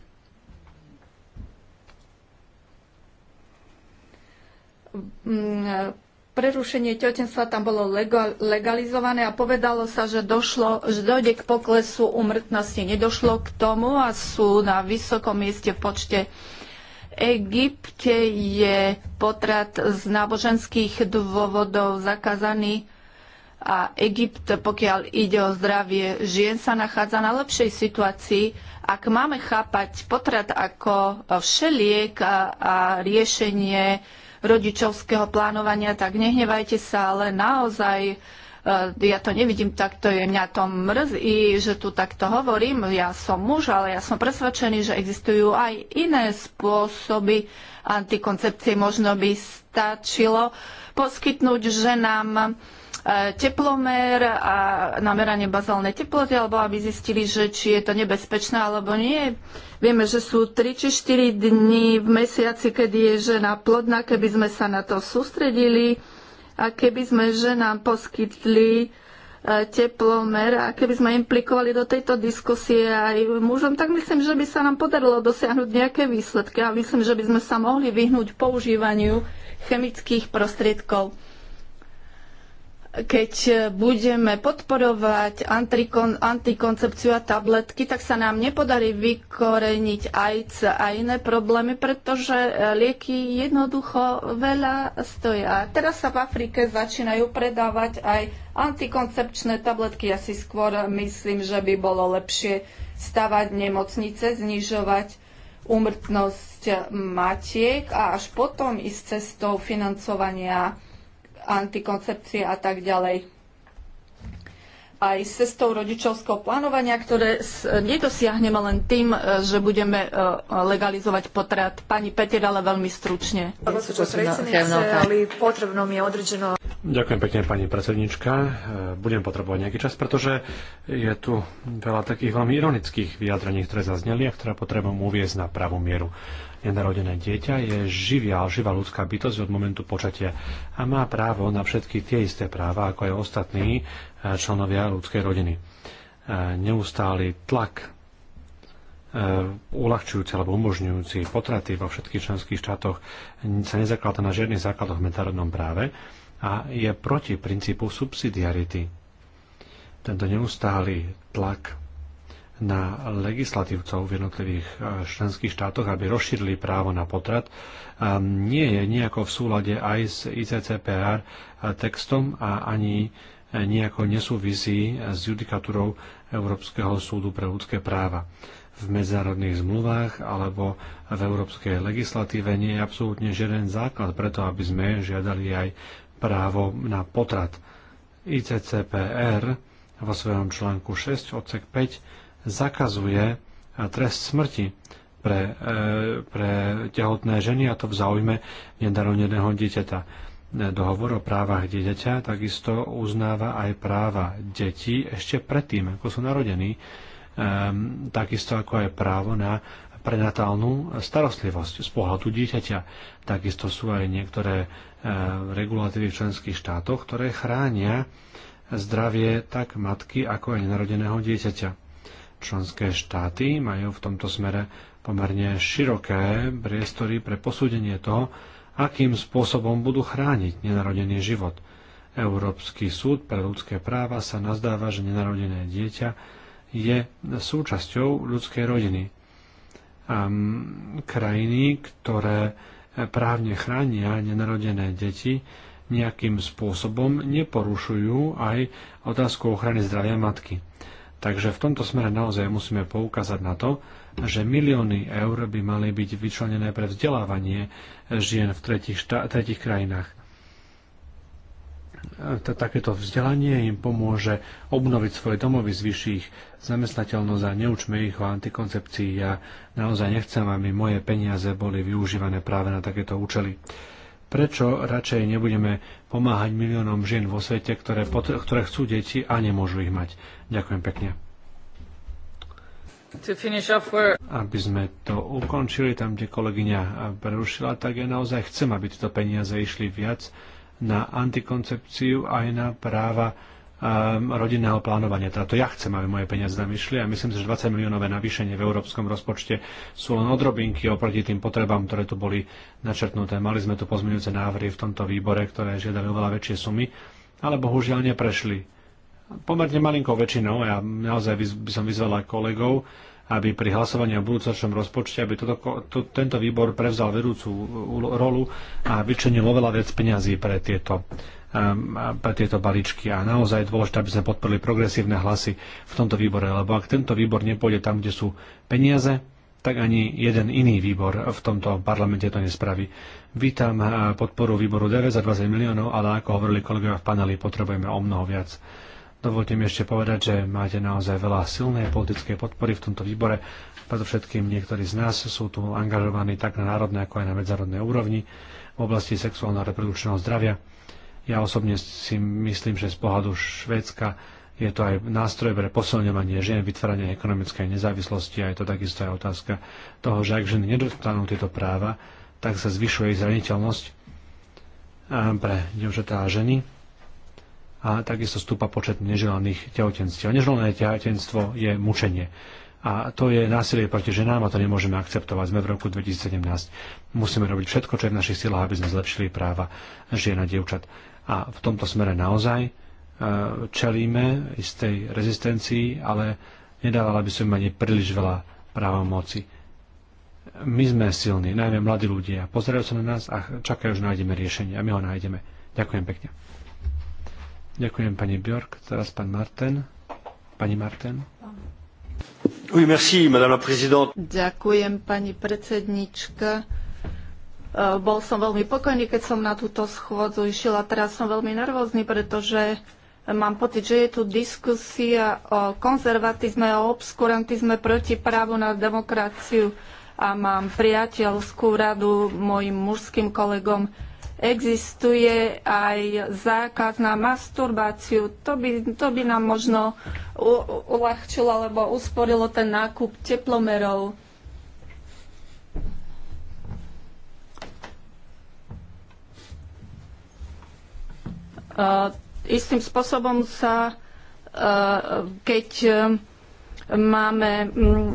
Mm, prerušenie tehotenstva tam bolo legalizované a povedalo sa, že, došlo, že dojde k poklesu umrtnosti. Nedošlo k tomu a sú na vysokom mieste v počte. Egypte je potrat z náboženských dôvodov zakázaný a Egypt, pokiaľ ide o zdravie žien, sa nachádza na lepšej situácii. Ak máme chápať potrat ako všeliek a, a riešenie rodičovského plánovania, tak nehnevajte sa, ale naozaj e, ja to nevidím takto, je mňa to mrzí, že tu takto hovorím. Ja som muž, ale ja som presvedčený, že existujú aj iné spôsoby antikoncepcie. Možno by stačilo poskytnúť ženám E, teplomer a nameranie bazálnej teploty, alebo aby zistili, že či je to nebezpečné alebo nie. Vieme, že sú 3 či 4 dni v mesiaci, kedy je žena plodná, keby sme sa na to sústredili a keby sme ženám poskytli e, teplomer a keby sme implikovali do tejto diskusie aj mužom, tak myslím, že by sa nám podarilo dosiahnuť nejaké výsledky a myslím, že by sme sa mohli vyhnúť používaniu chemických prostriedkov keď e, budeme podporovať antikon, antikoncepciu a tabletky, tak sa nám nepodarí vykoreniť AIDS a iné problémy, pretože e, lieky jednoducho veľa stoja. Teraz sa v Afrike začínajú predávať aj antikoncepčné tabletky. Ja si skôr myslím, že by bolo lepšie stavať nemocnice, znižovať úmrtnosť matiek a až potom ísť cestou financovania antikoncepcie a tak ďalej. Aj s cestou rodičovského plánovania, ktoré nedosiahneme len tým, e, že budeme e, legalizovať potrat. Pani Petir, ale veľmi stručne. Ďakujem pekne, pani predsednička. E, budem potrebovať nejaký čas, pretože je tu veľa takých veľmi ironických vyjadrení, ktoré zazneli a ktoré potrebujem uviezť na pravú mieru nenarodené dieťa je živia, živá ľudská bytosť od momentu počatia a má právo na všetky tie isté práva, ako aj ostatní e, členovia ľudskej rodiny. E, neustály tlak e, uľahčujúci alebo umožňujúci potraty vo všetkých členských štátoch sa nezakladá na žiadnych základoch v medzinárodnom práve a je proti princípu subsidiarity. Tento neustály tlak na legislatívcov v jednotlivých e, členských štátoch, aby rozšírili právo na potrat, nie je nejako v súlade aj s ICCPR e, textom a ani e, nejako nesúvisí s judikatúrou Európskeho súdu pre ľudské práva. V medzinárodných zmluvách alebo v európskej legislatíve nie je absolútne žiaden základ preto, aby sme žiadali aj právo na potrat. ICCPR vo svojom článku 6 odsek 5 zakazuje e, trest smrti pre, e, pre tehotné ženy a to v záujme nedaroneného dieťaťa. E, dohovor o právach dieťaťa takisto uznáva aj práva detí ešte predtým, ako sú narodení, takisto ako aj právo na prenatálnu starostlivosť z pohľadu dieťaťa. Takisto sú aj niektoré regulatívy v členských štátoch, ktoré chránia zdravie tak matky, ako aj nenarodeného dieťaťa. Členské štáty majú v tomto smere pomerne široké priestory pre posúdenie toho, akým spôsobom budú chrániť nenarodený život. Európsky súd pre ľudské práva sa nazdáva, že nenarodené dieťa je súčasťou ľudskej rodiny. Um, krajiny, ktoré právne chránia nenarodené deti, nejakým spôsobom neporušujú aj otázku ochrany zdravia matky. Takže v tomto smere naozaj musíme poukázať na to, že milióny eur by mali byť vyčlenené pre vzdelávanie žien v tretich, šta- tretich krajinách. E, takéto vzdelanie im pomôže obnoviť svoje domovy, zvyši ich zamestnateľnosť a neučme ich o antikoncepcii. Ja naozaj nechcem, aby moje peniaze boli využívané práve na takéto účely. Prečo radšej nebudeme pomáhať miliónom žien vo svete, ktoré, ktoré chcú deti a nemôžu ich mať? Ďakujem pekne. Aby sme to ukončili tam, kde kolegyňa prerušila, tak ja naozaj chcem, aby tieto peniaze išli viac na antikoncepciu aj na práva Ehm, rodinného plánovania. Teda to ja chcem, aby moje peniaze tam išli a myslím si, že 20 miliónové navýšenie v európskom rozpočte sú len odrobinky oproti tým potrebám, ktoré tu boli načrtnuté. Mali sme tu pozmeňujúce návrhy v tomto výbore, ktoré žiadali oveľa väčšie sumy, ale bohužiaľ neprešli. Pomerne malinkou väčšinou, ja naozaj by som vyzvala kolegov, aby pri hlasovaní o budúcom rozpočte, aby toto, to, tento výbor prevzal vedúcu rolu a vyčenil oveľa viac peňazí pre tieto Ehm, tieto balíčky. A naozaj je dôležité, aby sme podporili progresívne hlasy v tomto výbore, lebo ak tento výbor nepôjde tam, kde sú peniaze, tak ani jeden iný výbor v tomto parlamente to nespraví. Vítam eh, podporu výboru DV za 20 miliónov, ale ako hovorili kolegovia v paneli, potrebujeme o mnoho viac. Dovolte mi ešte povedať, že máte naozaj veľa silnej politickej podpory v tomto výbore. Predovšetkým niektorí z nás sú tu angažovaní tak na národnej, ako aj na medzárodnej úrovni v oblasti sexuálneho a reprodukčného zdravia ja osobne si myslím, že z pohľadu Švédska je to aj nástroj pre posilňovanie žien, vytváranie ekonomickej nezávislosti a je to takisto aj otázka toho, že ak ženy nedostanú tieto práva, tak sa zvyšuje ich zraniteľnosť eh, pre dievčatá a ženy a takisto stúpa počet neželaných tehotenstiev. Neželané tehotenstvo je mučenie a to je násilie proti ženám a to nemôžeme akceptovať. Sme v roku 2017. Musíme robiť všetko, čo je v našich silách, aby sme zlepšili práva žien a dievčat. A v tomto smere naozaj e, čelíme istej rezistencii, ale nedávala by som ani príliš veľa moci. My sme silní, najmä mladí ľudia. Pozerajú sa na nás a čakajú, že nájdeme riešenie. A my ho nájdeme. Ďakujem pekne. Ďakujem pani Bjork, teraz pán Marten. Pani Marten. Ďakujem, pani predsednička. E, bol som veľmi pokojný, keď som na túto schôdzu išiel a teraz som veľmi nervózny, pretože mám pocit, že je tu diskusia o konzervatizme, o obskurantizme proti právu na demokraciu a mám priateľskú radu mojim mužským kolegom existuje aj zákaz na masturbáciu. To by, to by nám možno uľahčilo alebo usporilo ten nákup teplomerov. Uh, istým spôsobom sa, uh, keď uh, Máme, mm,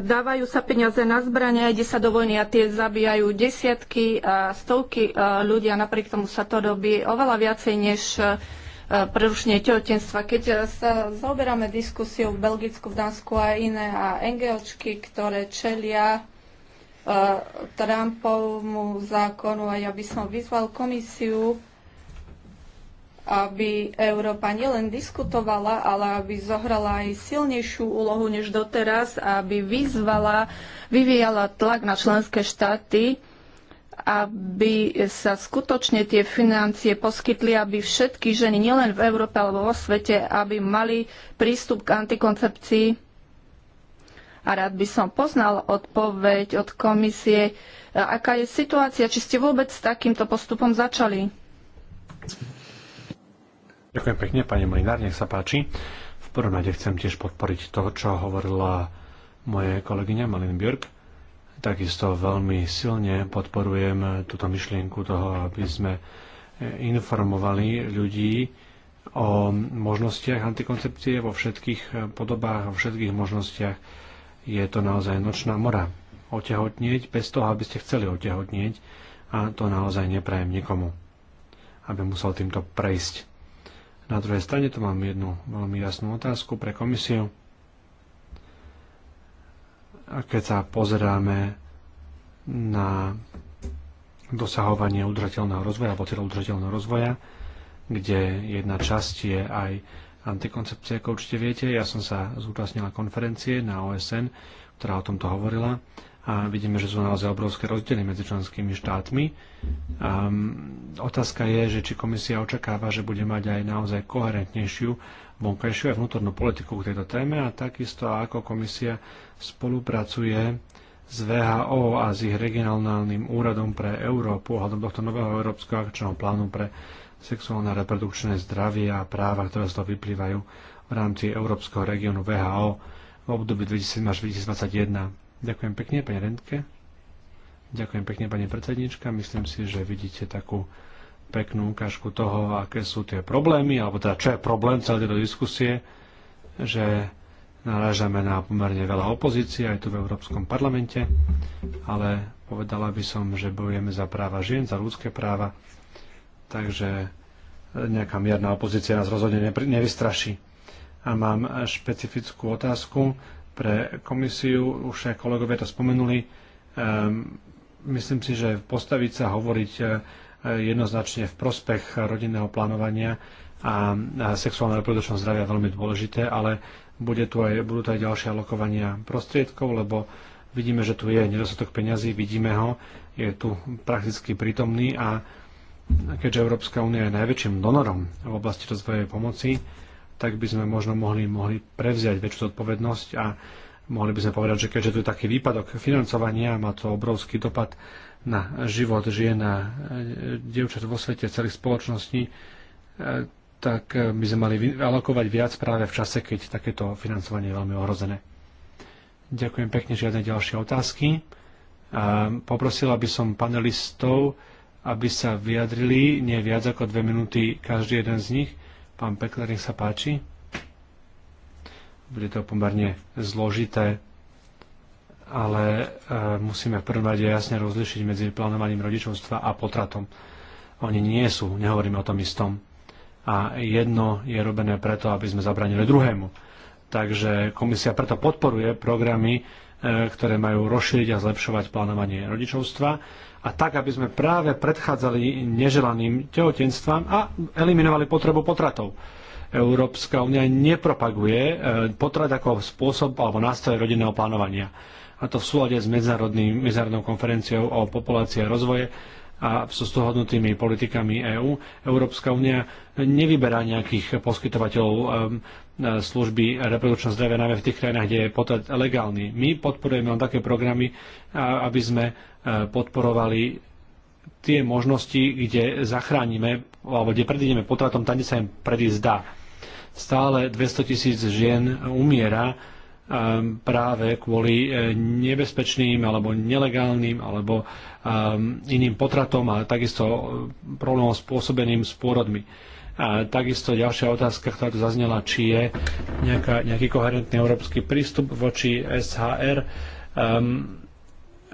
dávajú sa peniaze na zbrania, ide sa do vojny a tie zabíjajú desiatky a stovky e, ľudí a napriek tomu sa to robí oveľa viacej než e, prerušenie tehotenstva. Keď sa zaoberáme diskusiou v Belgicku, v Dánsku a iné a NGOčky, ktoré čelia e, Trumpovmu zákonu a ja by som vyzval komisiu, aby Európa nielen diskutovala, ale aby zohrala aj silnejšiu úlohu než doteraz, aby vyzvala, vyvíjala tlak na členské štáty, aby sa skutočne tie financie poskytli, aby všetky ženy nielen v Európe alebo vo svete, aby mali prístup k antikoncepcii. A rád by som poznal odpoveď od komisie, aká je situácia, či ste vôbec s takýmto postupom začali. Ďakujem pekne, pani Mlinár, nech sa páči. V prvom rade chcem tiež podporiť to, čo hovorila moje kolegyňa Malin Björk. Takisto veľmi silne podporujem túto myšlienku toho, aby sme informovali ľudí o možnostiach antikoncepcie vo všetkých podobách, vo všetkých možnostiach. Je to naozaj nočná mora. Otehotnieť bez toho, aby ste chceli otehotnieť a to naozaj neprajem nikomu, aby musel týmto prejsť. Na druhej strane tu mám jednu veľmi jasnú otázku pre komisiu. A keď sa pozeráme na dosahovanie udržateľného rozvoja alebo cieľov udržateľného rozvoja, kde jedna časť je aj antikoncepcia, ako určite viete. Ja som sa zúčastnila konferencie na OSN, ktorá o tomto hovorila a vidíme, že sú naozaj obrovské rozdiely medzi členskými štátmi. Um, otázka je, že či komisia očakáva, že bude mať aj naozaj koherentnejšiu vonkajšiu a vnútornú politiku k tejto téme a takisto ako komisia spolupracuje s VHO a s ich regionálnym úradom pre Európu ohľadom tohto nového európskeho akčného plánu pre sexuálne a reprodukčné zdravie a práva, ktoré z toho vyplývajú v rámci Európskeho regiónu VHO v období 2007 až 2021. Ďakujem pekne, pani Rentke. Ďakujem pekne, pani predsednička. Myslím si, že vidíte takú peknú ukážku toho, aké sú tie problémy, alebo teda čo je problém celé tejto diskusie, že narážame na pomerne veľa opozície aj tu v Európskom parlamente, ale povedala by som, že bojujeme za práva žien, za ľudské práva, takže nejaká mierna opozícia nás rozhodne nevystraší. A mám špecifickú otázku pre komisiu, už aj kolegovia to spomenuli. Ehm, myslím si, že postaviť sa, hovoriť e, jednoznačne v prospech rodinného plánovania a sexuálneho reprodukčného zdravia veľmi dôležité, ale bude tu aj, budú tu aj ďalšie alokovania prostriedkov, lebo vidíme, že tu je nedostatok peňazí, vidíme ho, je tu prakticky prítomný a keďže Európska únia je najväčším donorom v oblasti rozvojovej pomoci, tak by sme možno mohli, mohli prevziať väčšiu zodpovednosť a mohli by sme povedať, že keďže tu je taký výpadok financovania, má to obrovský dopad na život žien a e, dievčat vo svete, celých spoločností, e, tak e, by sme mali alokovať viac práve v čase, keď takéto financovanie je veľmi ohrozené. Ďakujem pekne, žiadne ďalšie otázky. Poprosila by som panelistov, aby sa vyjadrili nie viac ako dve minúty každý jeden z nich, Pán Pekler, nech sa páči. Bude to pomerne zložité, ale e, musíme v prvom rade jasne rozlišiť medzi plánovaním rodičovstva a potratom. Oni nie sú, nehovoríme o tom istom. A jedno je robené preto, aby sme zabranili druhému. Takže komisia preto podporuje programy, e, ktoré majú rozšíriť a zlepšovať plánovanie rodičovstva a tak, aby sme práve predchádzali neželaným tehotenstvám a eliminovali potrebu potratov. Európska únia nepropaguje e, potrat ako spôsob alebo nástroj rodinného plánovania. A to v súlade s medzinárodnou konferenciou o populácii a rozvoje, a so stohodnutými politikami EÚ. Európska únia nevyberá nejakých poskytovateľov um, e, služby reprodukčného zdravia najmä v tých krajinách, kde je potrat legálny. My podporujeme len také programy, aby sme e, podporovali tie možnosti, kde zachránime alebo kde predídeme potratom, tam, kde sa im predísť dá. Stále 200 tisíc žien umiera Ehm, práve kvôli e, nebezpečným alebo nelegálnym alebo ehm, iným potratom a takisto e, problémom spôsobeným s pôrodmi. A takisto ďalšia otázka, ktorá tu zaznela, či je nejaká, nejaký koherentný európsky prístup voči SHR. Um, ehm,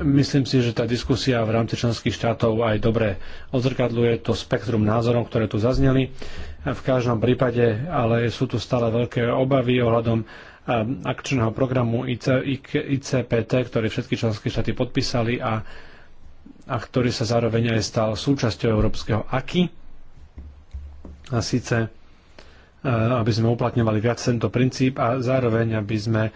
myslím si, že tá diskusia v rámci členských štátov aj dobre odzrkadluje to spektrum názorov, ktoré tu zazneli. V každom prípade ale sú tu stále veľké obavy ohľadom Um, akčného programu ICPT, ktorý všetky členské štáty podpísali a, a ktorý sa zároveň aj stal súčasťou európskeho AKI. A síce, uh, aby sme uplatňovali viac tento princíp a zároveň, aby sme uh,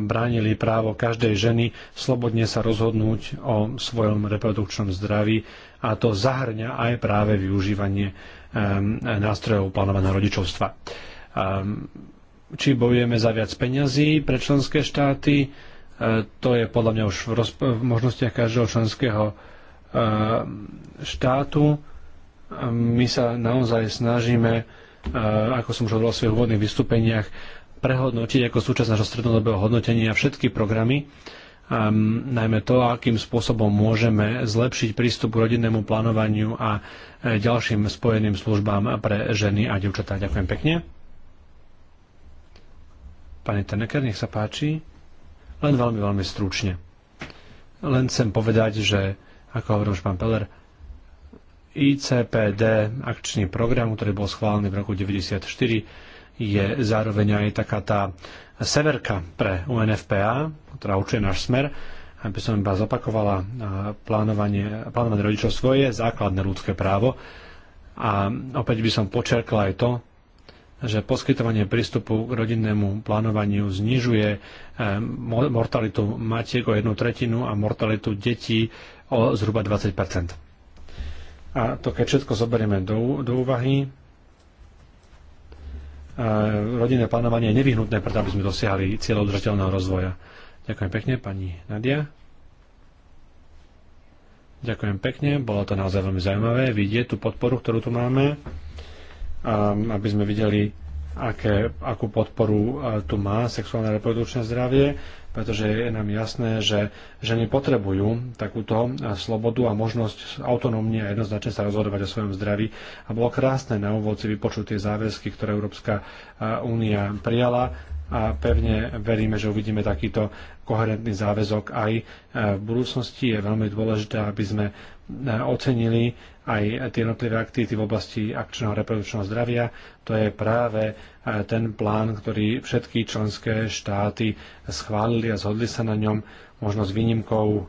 bránili právo každej ženy slobodne sa rozhodnúť o svojom reprodukčnom zdraví a to zahrňa aj práve využívanie um, nástrojov plánovaného rodičovstva um, či bojujeme za viac peňazí pre členské štáty, e, to je podľa mňa už v, v možnostiach každého členského e, štátu. E, my sa naozaj snažíme, ako som už hovoril v svojich úvodných vystúpeniach, prehodnotiť ako súčasť nášho strednodobého hodnotenia všetky programy, najmä to, akým spôsobom môžeme zlepšiť prístup k rodinnému plánovaniu a ďalším spojeným službám pre ženy a dievčatá. Ďakujem pekne. Pane Teneker, nech sa páči. Len veľmi, veľmi stručne. Len chcem povedať, že, ako hovorím už pán Peller, ICPD, akčný program, ktorý bol schválený v roku 1994, je zároveň aj taká tá severka pre UNFPA, ktorá určuje náš smer, aby som iba zopakovala plánovanie, plánovanie rodičovstvo je základné ľudské právo a opäť by som počerkla aj to, že poskytovanie prístupu k rodinnému plánovaniu znižuje eh, mortalitu matiek o jednu tretinu a mortalitu detí o zhruba 20 A to keď všetko zoberieme do, do úvahy, eh, rodinné plánovanie je nevyhnutné, preto aby sme dosiahli cieľ udržateľného rozvoja. Ďakujem pekne, pani Nadia. Ďakujem pekne, bolo to naozaj veľmi zaujímavé vidieť tú podporu, ktorú tu máme Um, aby sme videli, aké, akú podporu uh, tu má sexuálne reprodukčné zdravie, pretože je nám jasné, že ženy potrebujú takúto uh, slobodu a možnosť autonómne a jednoznačne sa rozhodovať o svojom zdraví. A bolo krásne na úvod si vypočuť tie záväzky, ktoré Európska uh, únia prijala a pevne veríme, že uvidíme takýto koherentný záväzok aj v budúcnosti. Je veľmi dôležité, aby sme Eh, ocenili aj tie jednotlivé aktivity v oblasti akčného reprodukčného zdravia. To je práve eh, ten plán, ktorý všetky členské štáty schválili a zhodli sa na ňom, možno s výnimkou eh,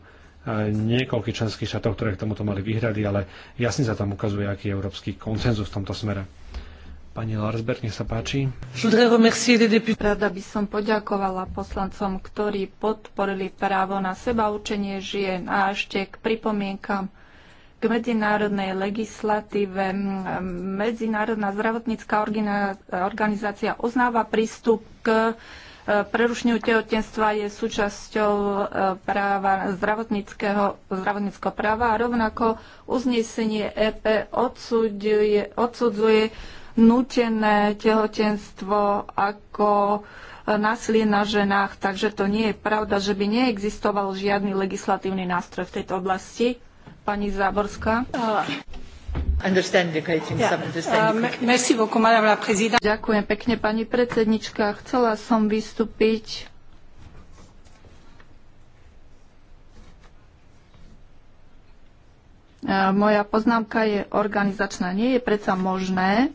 niekoľkých členských štátov, ktoré k tomuto mali výhrady, ale jasne sa tam ukazuje, aký je európsky konsenzus v tomto smere. Pani Larsberg, nech sa páči. Rada by som poďakovala poslancom, ktorí podporili právo na seba učenie žien a ešte k pripomienkam k medzinárodnej legislatíve. Medzinárodná zdravotnícká organizácia uznáva prístup k e, prerušeniu tehotenstva je súčasťou e, práva zdravotníckého, zdravotníckého práva a rovnako uznesenie EP odsudzuje, odsudzuje nutené tehotenstvo ako e, násilie na ženách, takže to nie je pravda, že by neexistoval žiadny legislatívny nástroj v tejto oblasti pani Záborská. Uh, uh, Ďakujem pekne, pani predsednička. Chcela som vystúpiť uh, Moja poznámka je organizačná. Nie je predsa možné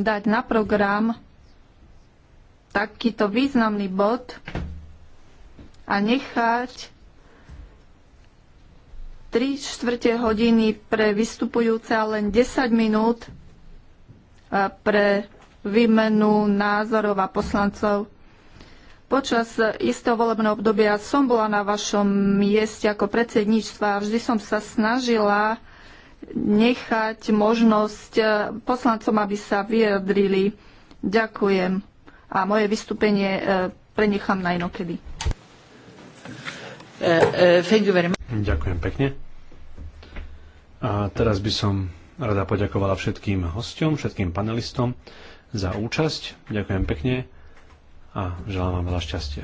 dať na program takýto významný bod a nechať 3 štvrte hodiny pre vystupujúce a len 10 minút e, pre výmenu názorov a poslancov. Počas istého volebného obdobia som bola na vašom mieste ako predsedníctva a vždy som sa snažila nechať možnosť e, poslancom, aby sa vyjadrili. Ďakujem a moje vystúpenie e, prenechám na inokedy thank you very much. Ďakujem pekne. A teraz by som rada poďakovala všetkým hostom, všetkým panelistom za účasť. Ďakujem pekne a želám vám veľa šťastia.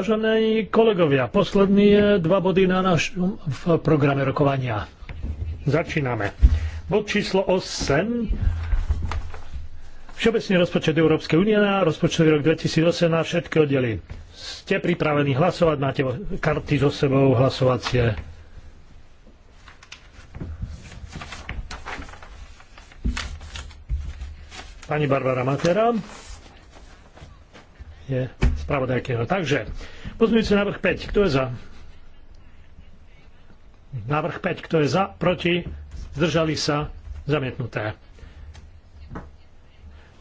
Vážení kolegovia, poslední dva body na našom v programe rokovania. Začíname. Bod číslo 8. Všeobecný rozpočet Európskej únie na rozpočtový rok na všetky oddely. Ste pripravení hlasovať? Máte karty so sebou hlasovacie? Pani Barbara Matera je spravodajkého. Takže, pozmeňujúci návrh 5, kto je za? Návrh 5, kto je za, proti, zdržali sa, zamietnuté.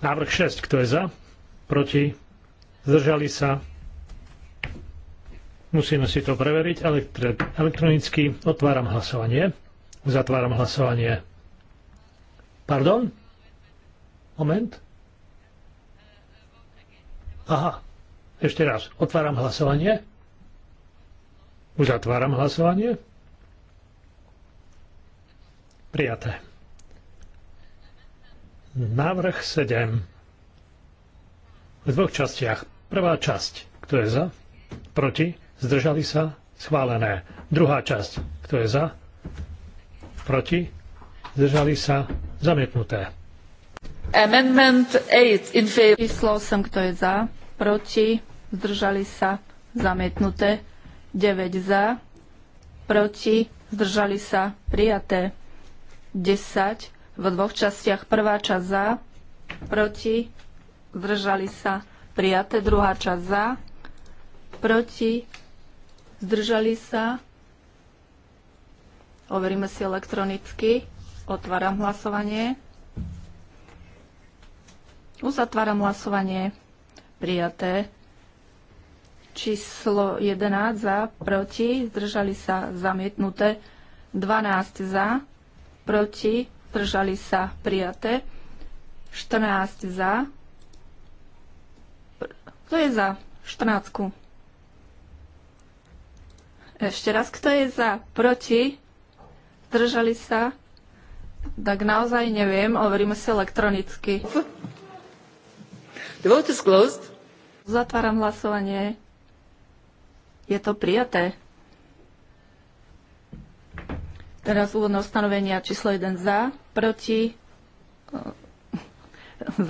Návrh 6, kto je za, proti, zdržali sa, musíme si to preveriť elektronicky, otváram hlasovanie, Zatváram hlasovanie. Pardon? Moment. Aha, ešte raz. Otváram hlasovanie. Uzatváram hlasovanie. Prijaté. Návrh 7. V dvoch častiach. Prvá časť. Kto je za? Proti? Zdržali sa? Schválené. Druhá časť. Kto je za? Proti? Zdržali sa? Zamietnuté. Amendment 8 in favor. Číslo som, kto je za? proti, zdržali sa zamietnuté, 9 za, proti, zdržali sa prijaté, 10 v dvoch častiach, prvá časť za, proti, zdržali sa prijaté, druhá časť za, proti, zdržali sa, overíme si elektronicky, otváram hlasovanie, uzatváram hlasovanie, prijaté. Číslo 11 za, proti, zdržali sa zamietnuté. 12 za, proti, zdržali sa prijaté. 14 za. Kto je za? 14. Ešte raz, kto je za? Proti? Zdržali sa? Tak naozaj neviem, overíme si elektronicky. The vote is closed. Zatváram hlasovanie. Je to prijaté. Teraz úvodné ustanovenia číslo 1 za, proti, [laughs]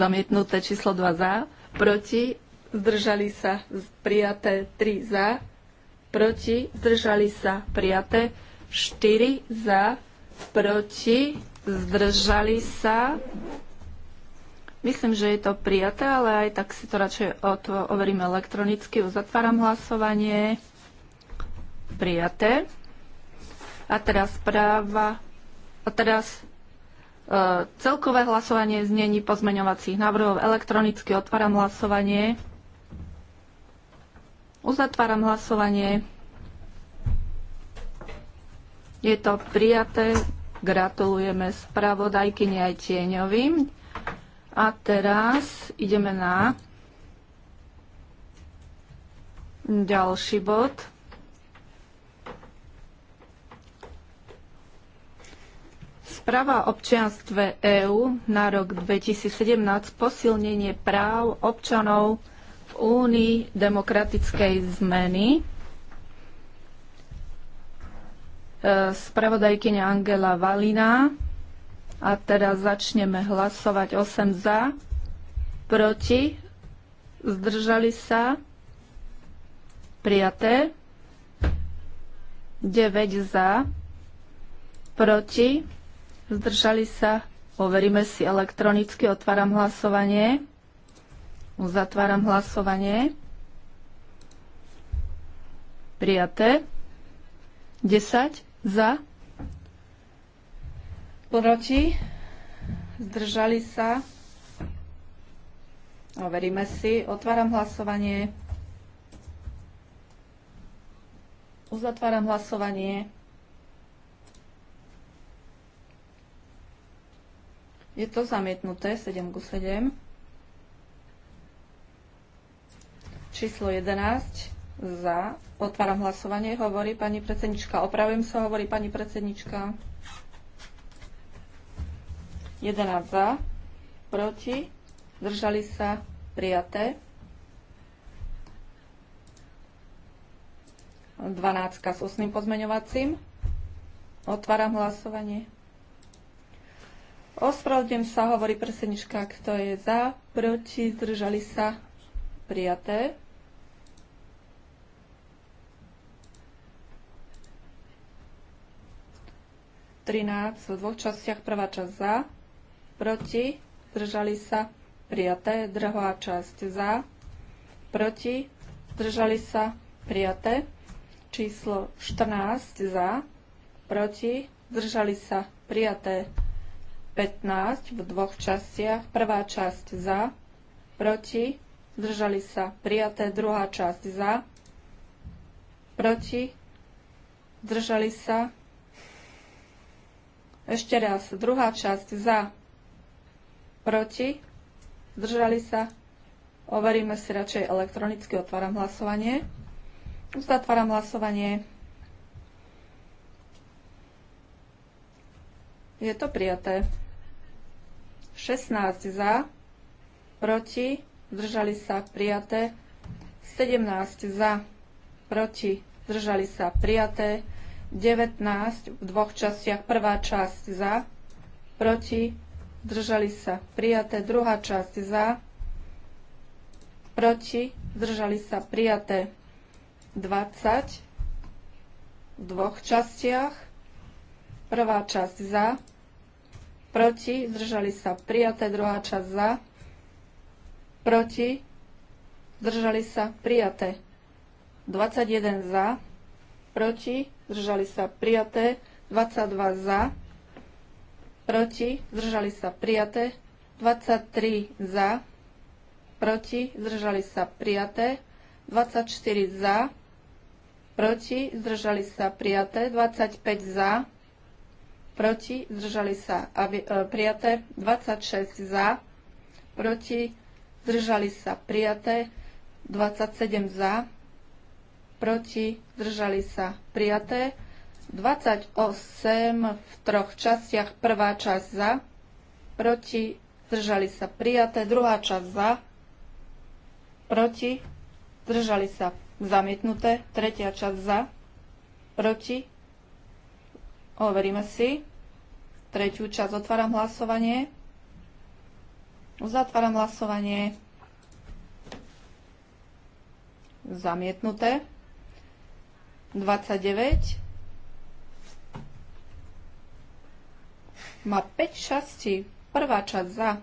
zamietnuté číslo 2 za, proti, zdržali sa prijaté 3 za, proti, zdržali sa prijaté 4 za, proti, zdržali sa Myslím, že je to prijaté, ale aj tak si to radšej overím overíme elektronicky. Uzatváram hlasovanie. Prijaté. A teraz práva. A teraz e, celkové hlasovanie znení pozmeňovacích návrhov. Elektronicky otváram hlasovanie. Uzatváram hlasovanie. Je to prijaté. Gratulujeme spravodajkyni aj tieňovým. A teraz ideme na ďalší bod. Správa o občianstve EÚ na rok 2017 posilnenie práv občanov v Únii demokratickej zmeny. E, spravodajkyňa Angela Valina a teraz začneme hlasovať 8 za, proti, zdržali sa, prijaté, 9 za, proti, zdržali sa, overíme si elektronicky, otváram hlasovanie, uzatváram hlasovanie, prijaté, 10 za, Proti? Zdržali sa? Overíme si. Otváram hlasovanie. Uzatváram hlasovanie. Je to zamietnuté 7 ku 7. Číslo 11 za. Otváram hlasovanie, hovorí pani predsednička. Opravujem sa, hovorí pani predsednička. 11 za, proti, zdržali sa, prijaté. 12 s ústnym pozmeňovacím. Otváram hlasovanie. Ospravedlňujem sa, hovorí predsednička, kto je za, proti, zdržali sa, prijaté. Trináct, v dvoch častiach, prvá časť za, proti, zdržali sa, prijaté. Druhá časť za, proti, zdržali sa, prijaté. Číslo 14 za, proti, zdržali sa, prijaté. 15 v dvoch častiach. Prvá časť za, proti, zdržali sa, prijaté. Druhá časť za, proti, zdržali sa. Ešte raz, druhá časť za, Proti? Zdržali sa? Overíme si radšej elektronicky. Otváram hlasovanie. Zatváram hlasovanie. Je to prijaté. 16 za, proti, zdržali sa, prijaté. 17 za, proti, zdržali sa, prijaté. 19 v dvoch častiach. Prvá časť za, proti, zdržali sa prijaté. Druhá časť za, proti, zdržali sa prijaté. 20 v dvoch častiach. Prvá časť za, proti, zdržali sa prijaté. Druhá časť za, proti, zdržali sa prijaté. 21 za, proti, zdržali sa prijaté. 22 za, proti, zdržali sa prijaté, 23 za, proti, zdržali sa prijaté, 24 za, proti, zdržali sa prijaté, 25 e, za, proti, zdržali sa prijaté, 26 za, proti, zdržali sa prijaté, 27 za, proti, zdržali sa prijaté, 28 v troch častiach. Prvá časť za, proti, zdržali sa prijaté. Druhá časť za, proti, zdržali sa zamietnuté. Tretia časť za, proti. Overíme si. Tretiu časť otváram hlasovanie. Uzatváram hlasovanie. Zamietnuté. 29 má 5 častí. Prvá časť za,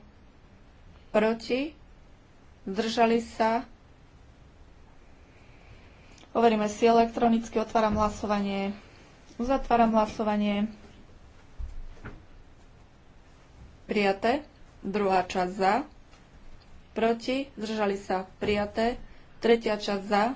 proti, zdržali sa. Overíme si elektronicky, otváram hlasovanie, uzatváram hlasovanie. Prijaté. Druhá časť za, proti, zdržali sa. Prijaté. Tretia časť za,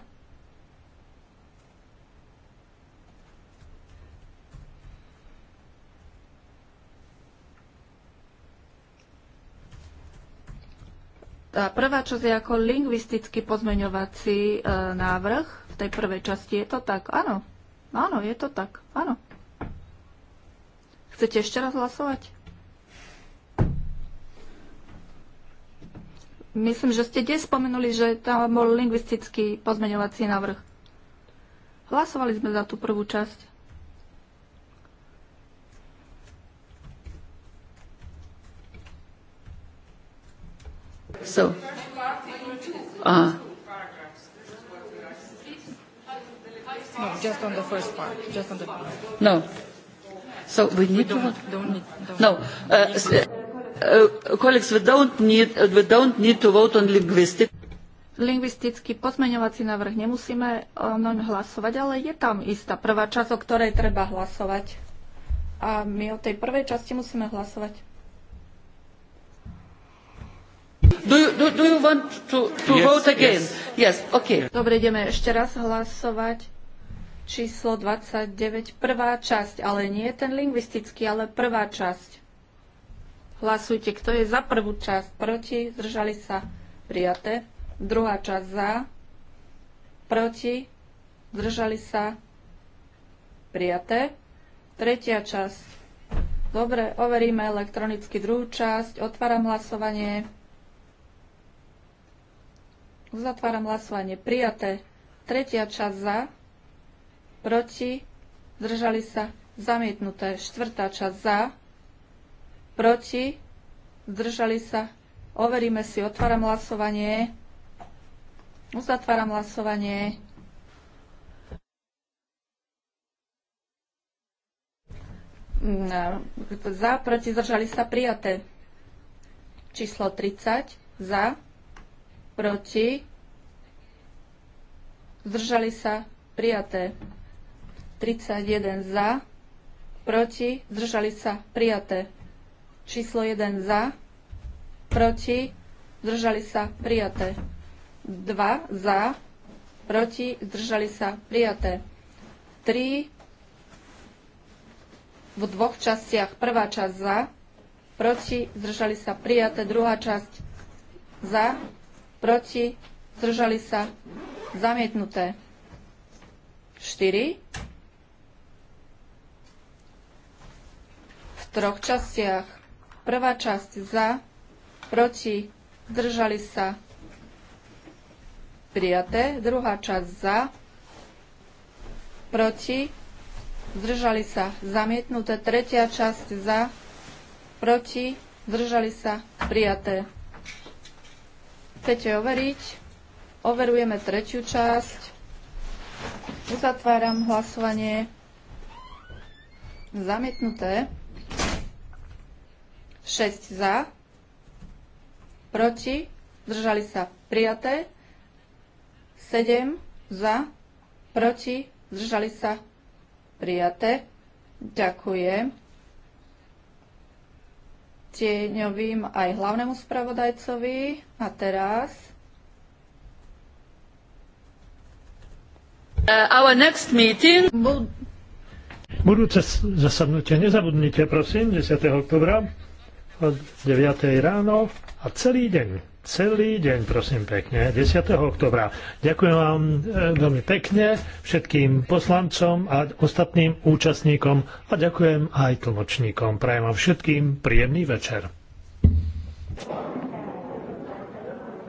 Tá prvá časť je ako lingvistický pozmeňovací e, návrh. V tej prvej časti je to tak? Áno. Áno, je to tak. Áno. Chcete ešte raz hlasovať? Myslím, že ste dnes spomenuli, že tam bol lingvistický pozmeňovací návrh. Hlasovali sme za tú prvú časť. So. Uh, no, just on the first part. Just on the. Part. No. So we need we don't, to. Don't need, don't no. Uh, uh, uh, colleagues, we don't need uh, we don't need to vote on linguistics. Lingvistický pozmeňovací návrh nemusíme o uh, noň hlasovať, ale je tam istá prvá časť, o ktorej treba hlasovať. A my o tej prvej časti musíme hlasovať. Do you, do, do you want to, to yes, vote again? Yes. yes, okay. Dobre, ideme ešte raz hlasovať číslo 29, prvá časť, ale nie ten lingvistický, ale prvá časť. Hlasujte, kto je za prvú časť, proti, zdržali sa, prijaté. Druhá časť za, proti, zdržali sa, prijaté. Tretia časť. Dobre, overíme elektronicky druhú časť. Otváram hlasovanie. Uzatváram hlasovanie. Prijaté. Tretia časť za. Proti. Zdržali sa. Zamietnuté. Štvrtá časť za. Proti. Zdržali sa. Overíme si. Otváram hlasovanie. Uzatváram hlasovanie. Za, proti, zdržali sa prijaté. Číslo 30, za, proti, zdržali sa prijaté. 31 za, proti, zdržali sa prijaté. Číslo 1 za, proti, zdržali sa prijaté. 2 za, proti, zdržali sa prijaté. 3 v dvoch častiach. Prvá časť za, proti, zdržali sa prijaté. Druhá časť za, proti, zdržali sa, zamietnuté. 4. V troch častiach. Prvá časť za, proti, zdržali sa, prijaté. Druhá časť za, proti, zdržali sa, zamietnuté. Tretia časť za, proti, zdržali sa, prijaté. Chcete overiť? Overujeme tretiu časť. Uzatváram hlasovanie. Zamietnuté. 6 za. Proti. Držali sa prijaté. 7 za. Proti. držali sa prijaté. Ďakujem tieňovým aj hlavnému spravodajcovi. A teraz... Uh, our next meeting... Budúce zasadnutie nezabudnite, prosím, 10. oktobra od 9. ráno a celý deň celý deň, prosím pekne, 10. oktobra. Ďakujem vám e, veľmi pekne, všetkým poslancom a ostatným účastníkom a ďakujem aj tlmočníkom. Prajem vám všetkým príjemný večer.